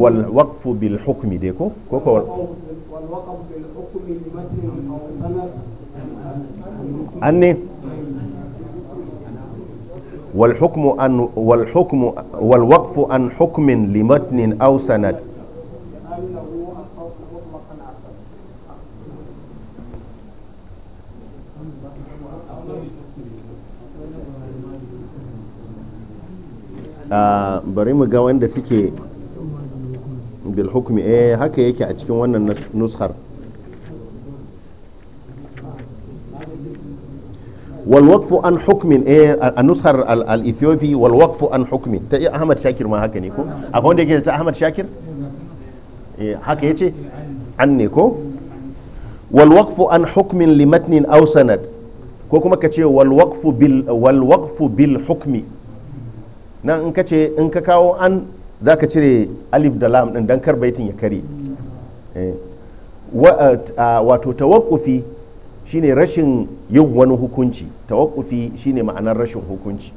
والوقف بالحكم ديكو كوكو والوقف بالحكم لمتن او سند والحكم أن والحكم والوقف عن حكم لمتن أو سند bari mu ga wanda suke bil hukmi eh haka yake a cikin wannan nuskar walwakfu an hukmin a nushar al-ethiopi walwakfu an hukmin ta iya ahmad shakir ma haka ne ko akwai wanda yake ta ahmad shakir haka yace an ne ko walwakfu an hukmin limatnin aw sanad ko kuma ka ce walwakfu bil walwakfu bil hukmi nan in ka ce in ka kawo an za ka cire alif da lam din dan kar baitin ya kare wato tawakkufi shine rashin yin wani hukunci tawakkufi shine ma'anar rashin hukunci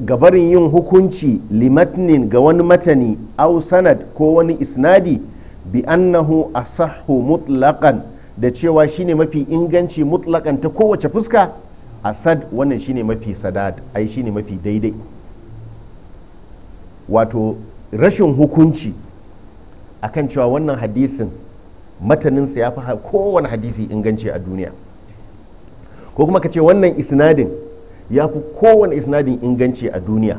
gabarin yin hukunci limatnin ga wani matani au sanad ko wani isnadi bi annahu asahhu mutlaqan da cewa shine mafi inganci mutlaqan ta kowace fuska asad wannan shine mafi sadad ai shine mafi daidai wato rashin hukunci akan cewa wannan hadisin mataninsa ya fi kowane hadisi inganci a duniya ko kuma ka ce wannan isnadin ya fi kowane isnadin inganci a duniya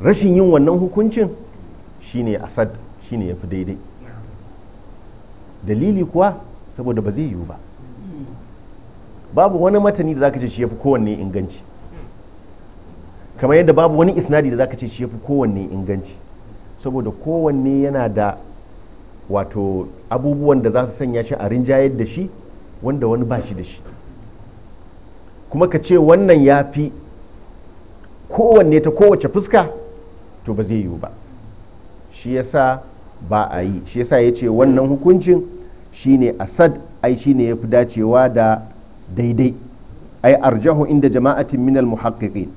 rashin yin wannan hukuncin shine asad shine ya fi daidai dalili kuwa saboda ba zai yiwu ba babu wani matani da zaka ce shi ya fi kowanne inganci kamar yadda babu wani isnadi da zaka ce shi ya fi kowanne inganci saboda kowanne yana da wato abubuwan da za su sanya shi a rinjayar da shi wanda wani ba shi da shi kuma ka ce wannan ya fi kowanne ta kowace fuska to ba zai yiwu ba shi yasa ba a yi shi yasa ya ce wannan hukuncin shine asad ai shine ya fi dacewa da daidai ai arjahu inda jama'atin minal muhaqqiqin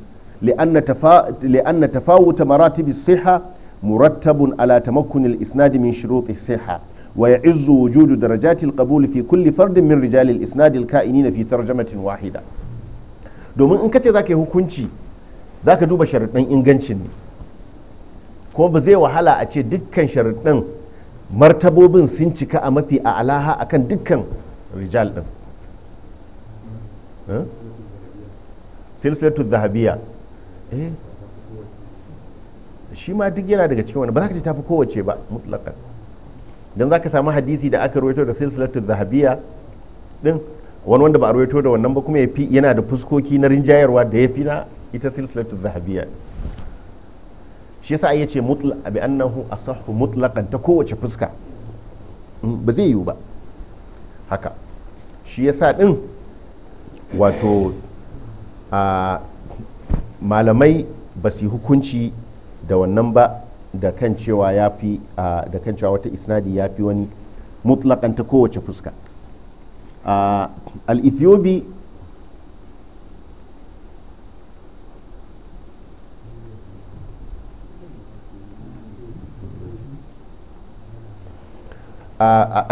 li'anna tafawuta maratibis siha murattabun ala tamakkunil isnadi min shuruti siha wa ya'izzu wujudu darajatil qabul fi kulli fardin min rijalil isnadin kaini kainina fi tarjamatin wahida domin in kace zaka yi hukunci zaka duba sharuɗan ingancin ne kuma ba zai wahala a ce dukkan sharuɗan martabobin sun cika a mafi a alaha akan dukkan rijal din silsilatu shi ma duk yana daga cikin wani ba za ka ce tafi kowace ba mutlaqan don za ka samu hadisi da aka rawaito da silsilatu zahabiya din wani wanda ba a rawaito da wannan ba kuma ya fi yana da fuskoki na rinjayarwa da ya fi na ita silsilatu zahabiya shi yasa ya ce mutlaq bi annahu asahhu mutlaqan ta kowace fuska hmm, ba zai yiwu ba haka shi yasa din wato malamai ba su hukunci da wannan ba da kan cewa ya fi da kan cewa wata isnadi ya fi wani mutlakanta kowace fuska al shima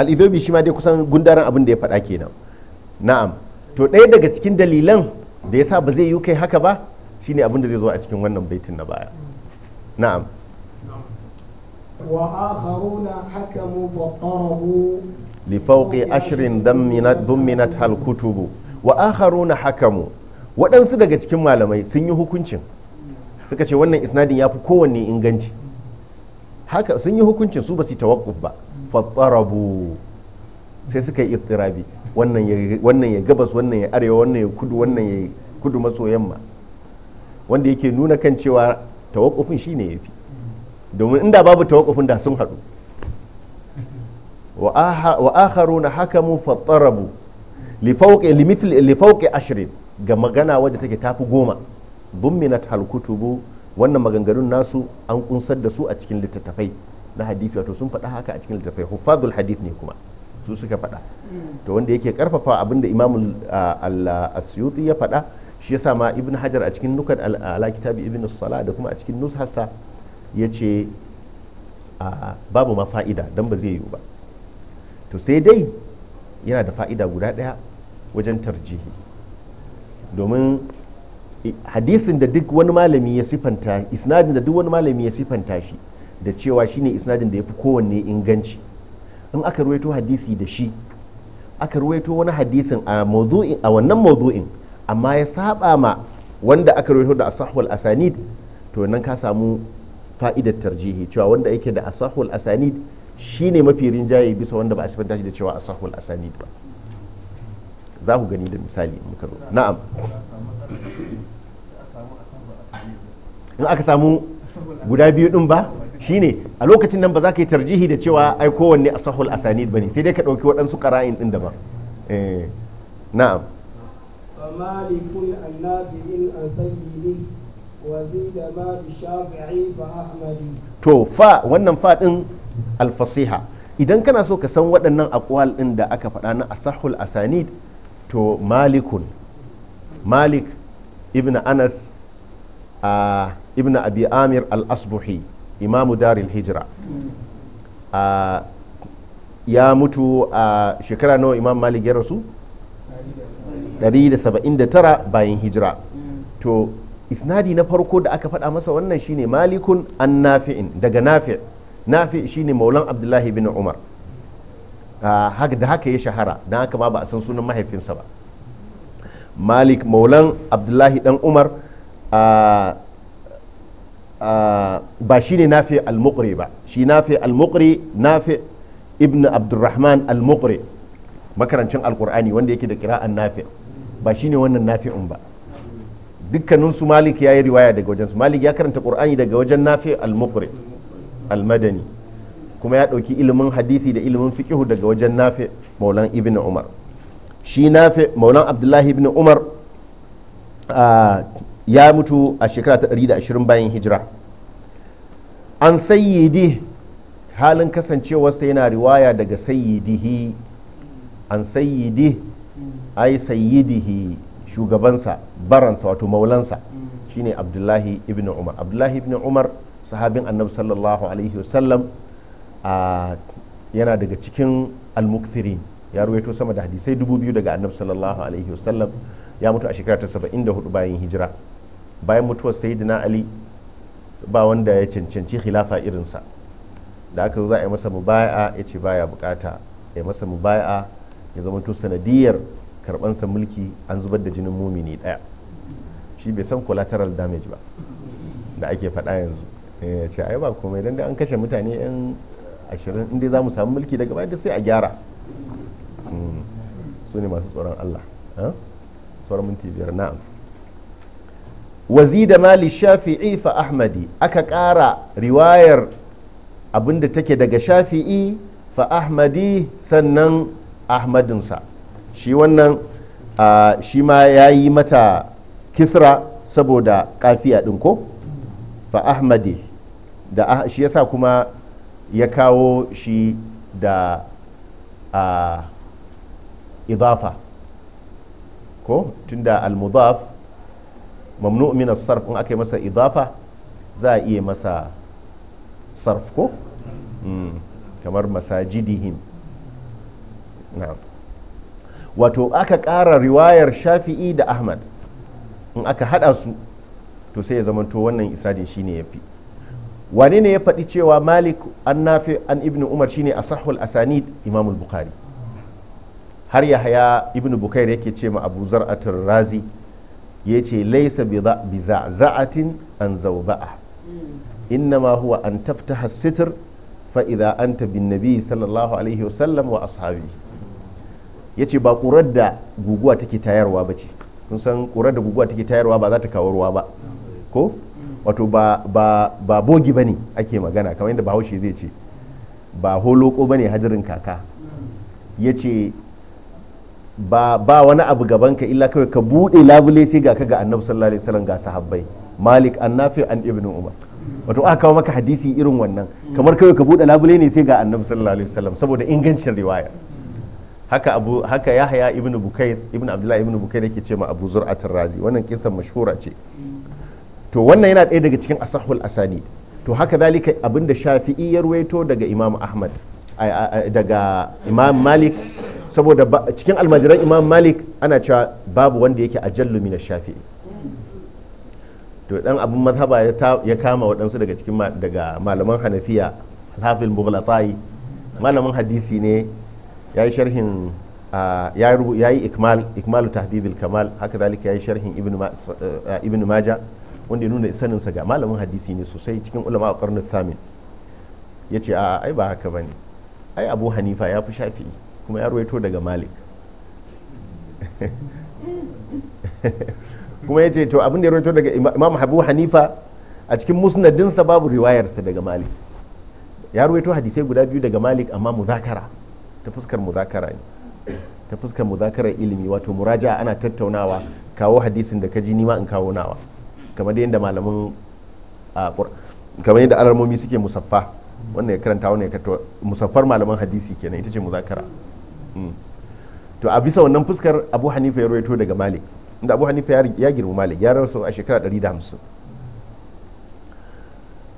al shi ma dai kusan gundaran abin da ya faɗa kenan na'am to ɗaya daga cikin dalilan da ya sa ba zai yi kai haka ba shine abin da zai zo a cikin wannan baitin na baya na'am وآخرون ashirin فقربوا لفوق أشر ضمنت ضمنتها الكتب وآخرون حكموا waɗansu daga cikin malamai sun yi hukuncin suka ce wannan isnadin ya fi kowanne inganci haka sun yi hukuncin su basu su tawakkuf ba fattarabu sai suka yi ittirabi wannan ya gabas wannan ya arewa wannan ya kudu wannan ya wanda yake nuna kan cewa tawakufin shi ne ya fi domin inda babu tawakufin da sun haɗu wa akharu na hakamu fattarabu li ashirin ga magana wadda take tafi goma dumminat halkutubu wannan maganganun nasu an kunsar da su a cikin littattafai na hadisi wato sun faɗa haka a cikin littattafai hufadul hadith ne kuma su suka faɗa to wanda yake karfafa abinda imamul al-asyuti ya faɗa shi yasa ma ibn hajar a cikin nukan ala kitabi ibn sala da kuma a cikin nushasa ya ce babu ma fa'ida don ba zai yiwu ba to sai dai yana da fa'ida guda ɗaya wajen tarjihi domin hadisin da duk wani malami ya sifanta isnadin da duk wani malami ya sifanta shi da cewa shine isnadin da ya fi kowanne inganci in aka ruwaito hadisi da shi aka ruwaito wani hadisin a wannan maudu'in amma ya saba ma wanda aka rawaito da asahul asanid to nan ka samu fa'idar tarjihi cewa wanda yake da asahul asanid shine mafi rinjaye bisa wanda ba a sifanta shi da cewa asahul asanid ba za ku gani da misali muka zo na'am in aka samu guda biyu din ba shine a lokacin nan ba za ka yi tarjihi da cewa ai kowanne asahul asanid bane sai dai ka ɗauki waɗansu ƙara'in din daban eh, na'am ومالك fa وزيد ما بالشافعي تو wannan faɗin alfasiha idan kana so ka san waɗannan akwal ɗin da aka faɗa na asahul asanid to malikun malik ibn anas uh, ibn abi amir al-asbuhi imamu daril ya mutu a shekara nawa imam malik ya rasu 179 bayan hijira to isnadi na farko da aka faɗa masa wannan shine malikun an nafi'in daga nafi' nafi' shine maulan abdullahi bin umar ah, da haka ya shahara don haka ma ba a san sunan mahaifinsa ba malik maulan abdullahi dan umar ah, ah, ba shi ne nafi al-muqri ba shi nafi al-muqri nafi ibn abdurrahman al-muqri makarancin al-qur'ani wanda yake da kira'an nafi' ba shine wannan nafi'un ba dukkanin su malik ya yi riwaya daga wajen su malik ya karanta qur'ani daga wajen nafi al-muqri al-madani kuma ya ɗauki ilimin hadisi da ilimin fiqhu daga wajen nafi maulan ibn umar shi nafi maulan abdullahi ibn umar ya mutu a shekara ta 120 bayan hijira an sayyidi halin kasancewarsa yana riwaya daga sayyidihi an sayyidi ai sayyidihi shugabansa baransa wato maulansa shine abdullahi ibn umar abdullahi ibn umar sahabin annabi sallallahu alaihi wasallam yana daga cikin almukfirin ya ruwaito sama da hadisai dubu biyu daga annabi sallallahu alaihi wasallam ya mutu a shekara ta saba'in da hudu bayan hijira bayan mutuwar sayyidina ali ba wanda ya cancanci khilafa irinsa da aka zo za a yi masa mubaya'a ya ce baya bukata ya masa mubaya'a ya zama to sanadiyar karbansa mulki an zubar da jinin mumini daya shi bai san collateral damage ba da ake faɗa yanzu eh, ya ce ai ba komai idan da an kashe mutane yan ashirin inda za mu samu mulki daga baya sai a gyara hmm. su ne masu tsoron Allah tsoron minti biyar na'am wazida mali shafi'i fa ahmadi aka ƙara riwayar abinda take daga shafi'i fa ahmadi sannan ahmadinsa shi wannan shi ma ya yi mata kisra saboda kafiya ɗin ko fa ahmadi da ah, shi ya sa kuma ya kawo shi da idafa ko tunda al-mudaf mamnu min sarf in aka yi masa idafa za a iya masa sarf ko hmm, kamar masajidihim na'am wato aka ƙara riwayar shafi'i da ahmad in aka haɗa su to sai ya zamanto wannan isnadin shine ya fi wane ne ya faɗi cewa malik an nafi an ibn umar shine asahul asani imamul bukari har ya haya ibn bukair yake ce ma abu zar'atul razi ya ce laisa bi za'atin an zauba'a innama huwa an taftaha sitir fa idza anta bin nabi sallallahu alaihi wasallam wa ashabihi ya ce ba ƙurar da guguwa take tayarwa ba ce kun san ƙurar da guguwa take tayarwa ba za ta kawo ruwa ba ko wato ba bogi ba ne ake magana kamar yadda bahaushe zai ce ba holoko ba ne hadirin kaka ya ce ba wani abu gaban ka illa kawai ka buɗe labule sai ga ka ga annabi sallallahu alaihi wasallam ga sahabbai malik annafi an ibnu umar wato aka kawo maka hadisi irin wannan kamar kawai ka buɗe labule ne sai ga annabi sallallahu alaihi wasallam saboda ingancin riwaya haka abu haka yahya ibnu bukair ibnu abdullahi ibnu bukair yake ce ma abu zur'atul razi wannan kisa mashhura ce to wannan yana ɗaya daga cikin asahul asani to haka zalika abinda shafi'i ya ruwaito daga imam ahmad daga imam malik saboda cikin almajiran imam malik ana cewa babu wanda yake ajallu min shafi'i to dan abin mazhaba ya kama waɗansu daga cikin daga malaman hanafiya hafil mughlatai malamin hadisi ne ya yi sharhin ya yi ikmal ikmalu tahdidil kamal haka zalika ya yi sharhin e, ibn maja wanda ya nuna saninsa ga malamin hadisi ne sosai cikin ulama a karnar thamin ya ce a ai ba haka ba ne ai abu hanifa ya fi shafi kuma ya ruwaito daga malik [LAUGHS] kuma ya ce to abin da ya ruwaito daga imam abu hanifa a cikin musnadinsa babu riwayarsa daga malik ya ruwaito hadisai guda biyu daga malik amma muzakara ta fuskar muzakara ne ta fuskar muzakarar ilimi wato muraja ana tattaunawa kawo hadisin da ka ji nima in kawo nawa kamar yadda malamin kamar yadda alamomi suke musaffa wannan ya karanta wannan ya kato musaffar malaman hadisi kenan ita ce muzakara hmm. to a bisa wannan fuskar abu hanifa ya rawaito daga malik inda abu hanifa ya girma malik ya rasu a shekara 150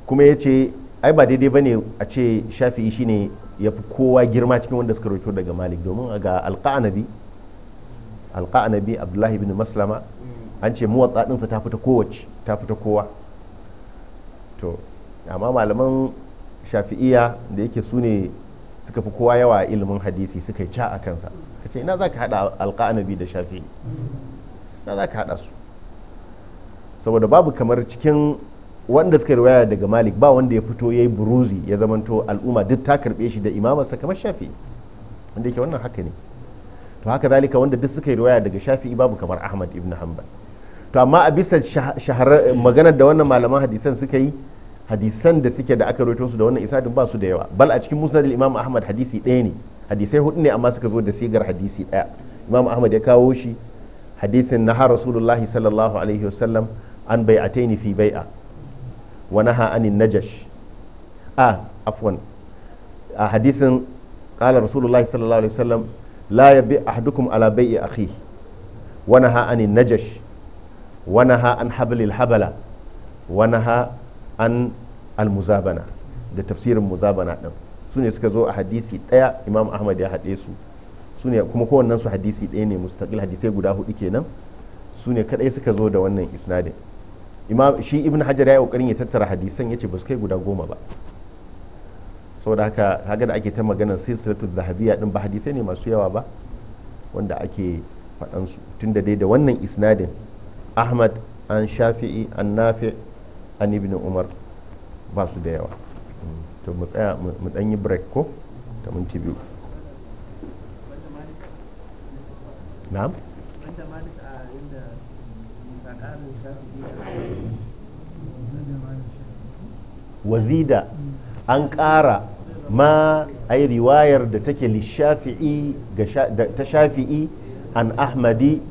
kuma ya ce ai ba daidai bane a ce shafi'i shine ya fi kowa girma cikin wanda suka roƙo daga malik domin ga alƙa'anabi alƙa'anabi abdullahi bin maslama an ce muwatsa ɗinsa ta fita kowace ta fita kowa to amma malaman shafi'iya da yake su ne suka fi kowa yawa a ilimin hadisi suka yi ca a kansa ka ce ina za ka haɗa alƙa'anabi da shafi'i ina za ka haɗa su saboda babu kamar cikin wanda suka riwaya daga malik ba wanda ya fito ya yi buruzi ya zamanto al'umma duk ta karbe shi da sa kamar shafi wanda yake wannan haka ne to haka zalika wanda duk suka yi riwaya daga shafi babu kamar ahmad ibn hanbal to amma a bisa shahara maganar da wannan malaman hadisan suka yi hadisan da suke da aka rawaito su da wannan isadin ba su da yawa bal a cikin musnad imam ahmad hadisi ɗaya ne hadisai hudu ne amma suka zo da sigar hadisi ɗaya imam ahmad ya kawo shi hadisin na rasulullahi sallallahu alaihi wasallam an bai'ataini fi bai'a wa naha anin najash a ah, afwan a ah, hadisin qala rasulullahi sallallahu alaihi wasallam la yabi ahadukum ala bai'i akhihi wa naha anin najash wa naha an hablil habala wa naha an almuzabana da tafsirin muzabana din su ne suka zo a hadisi daya imam ahmad ya hade su su kuma kowannen su hadisi daya ne mustaqil hadisai guda hudu kenan su ne kadai suka zo da wannan isnadin shi ibn hajar ya yi ƙoƙarin ya tattara hadisan ya ce ba su kai guda goma ba saboda haka haga da ake ta maganar silsilatu zahabiya din ba hadisai ne masu yawa ba wanda ake faɗan su da dai da wannan isnadin ahmad an shafi'i an nafi an ibn umar ba su da yawa mm, to mu tsaya mu ɗan yi break ko ta minti biyu na'am wazida an ƙara ma yi riwayar da take lishafi'i ta shafi'i an ahmadi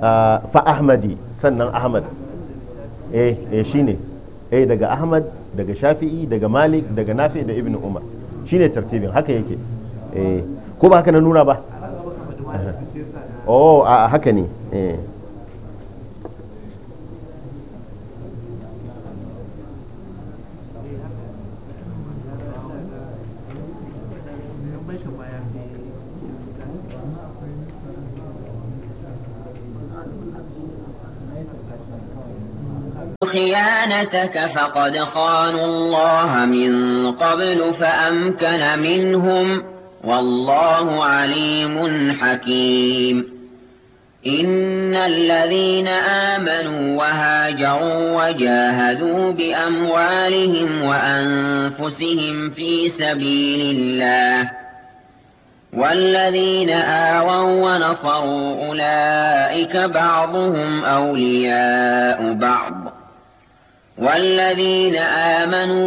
fa ahmadi sannan ahmad eh, eh ne eh daga ahmad daga shafi'i daga malik daga nafi da ibn umar shi ne tartibin haka yake eh ko ba haka na nuna ba oh haka ne eh خيانتك فقد خانوا الله من قبل فأمكن منهم والله عليم حكيم إن الذين آمنوا وهاجروا وجاهدوا بأموالهم وأنفسهم في سبيل الله والذين آووا ونصروا أولئك بعضهم أولياء بعض والذين آمنوا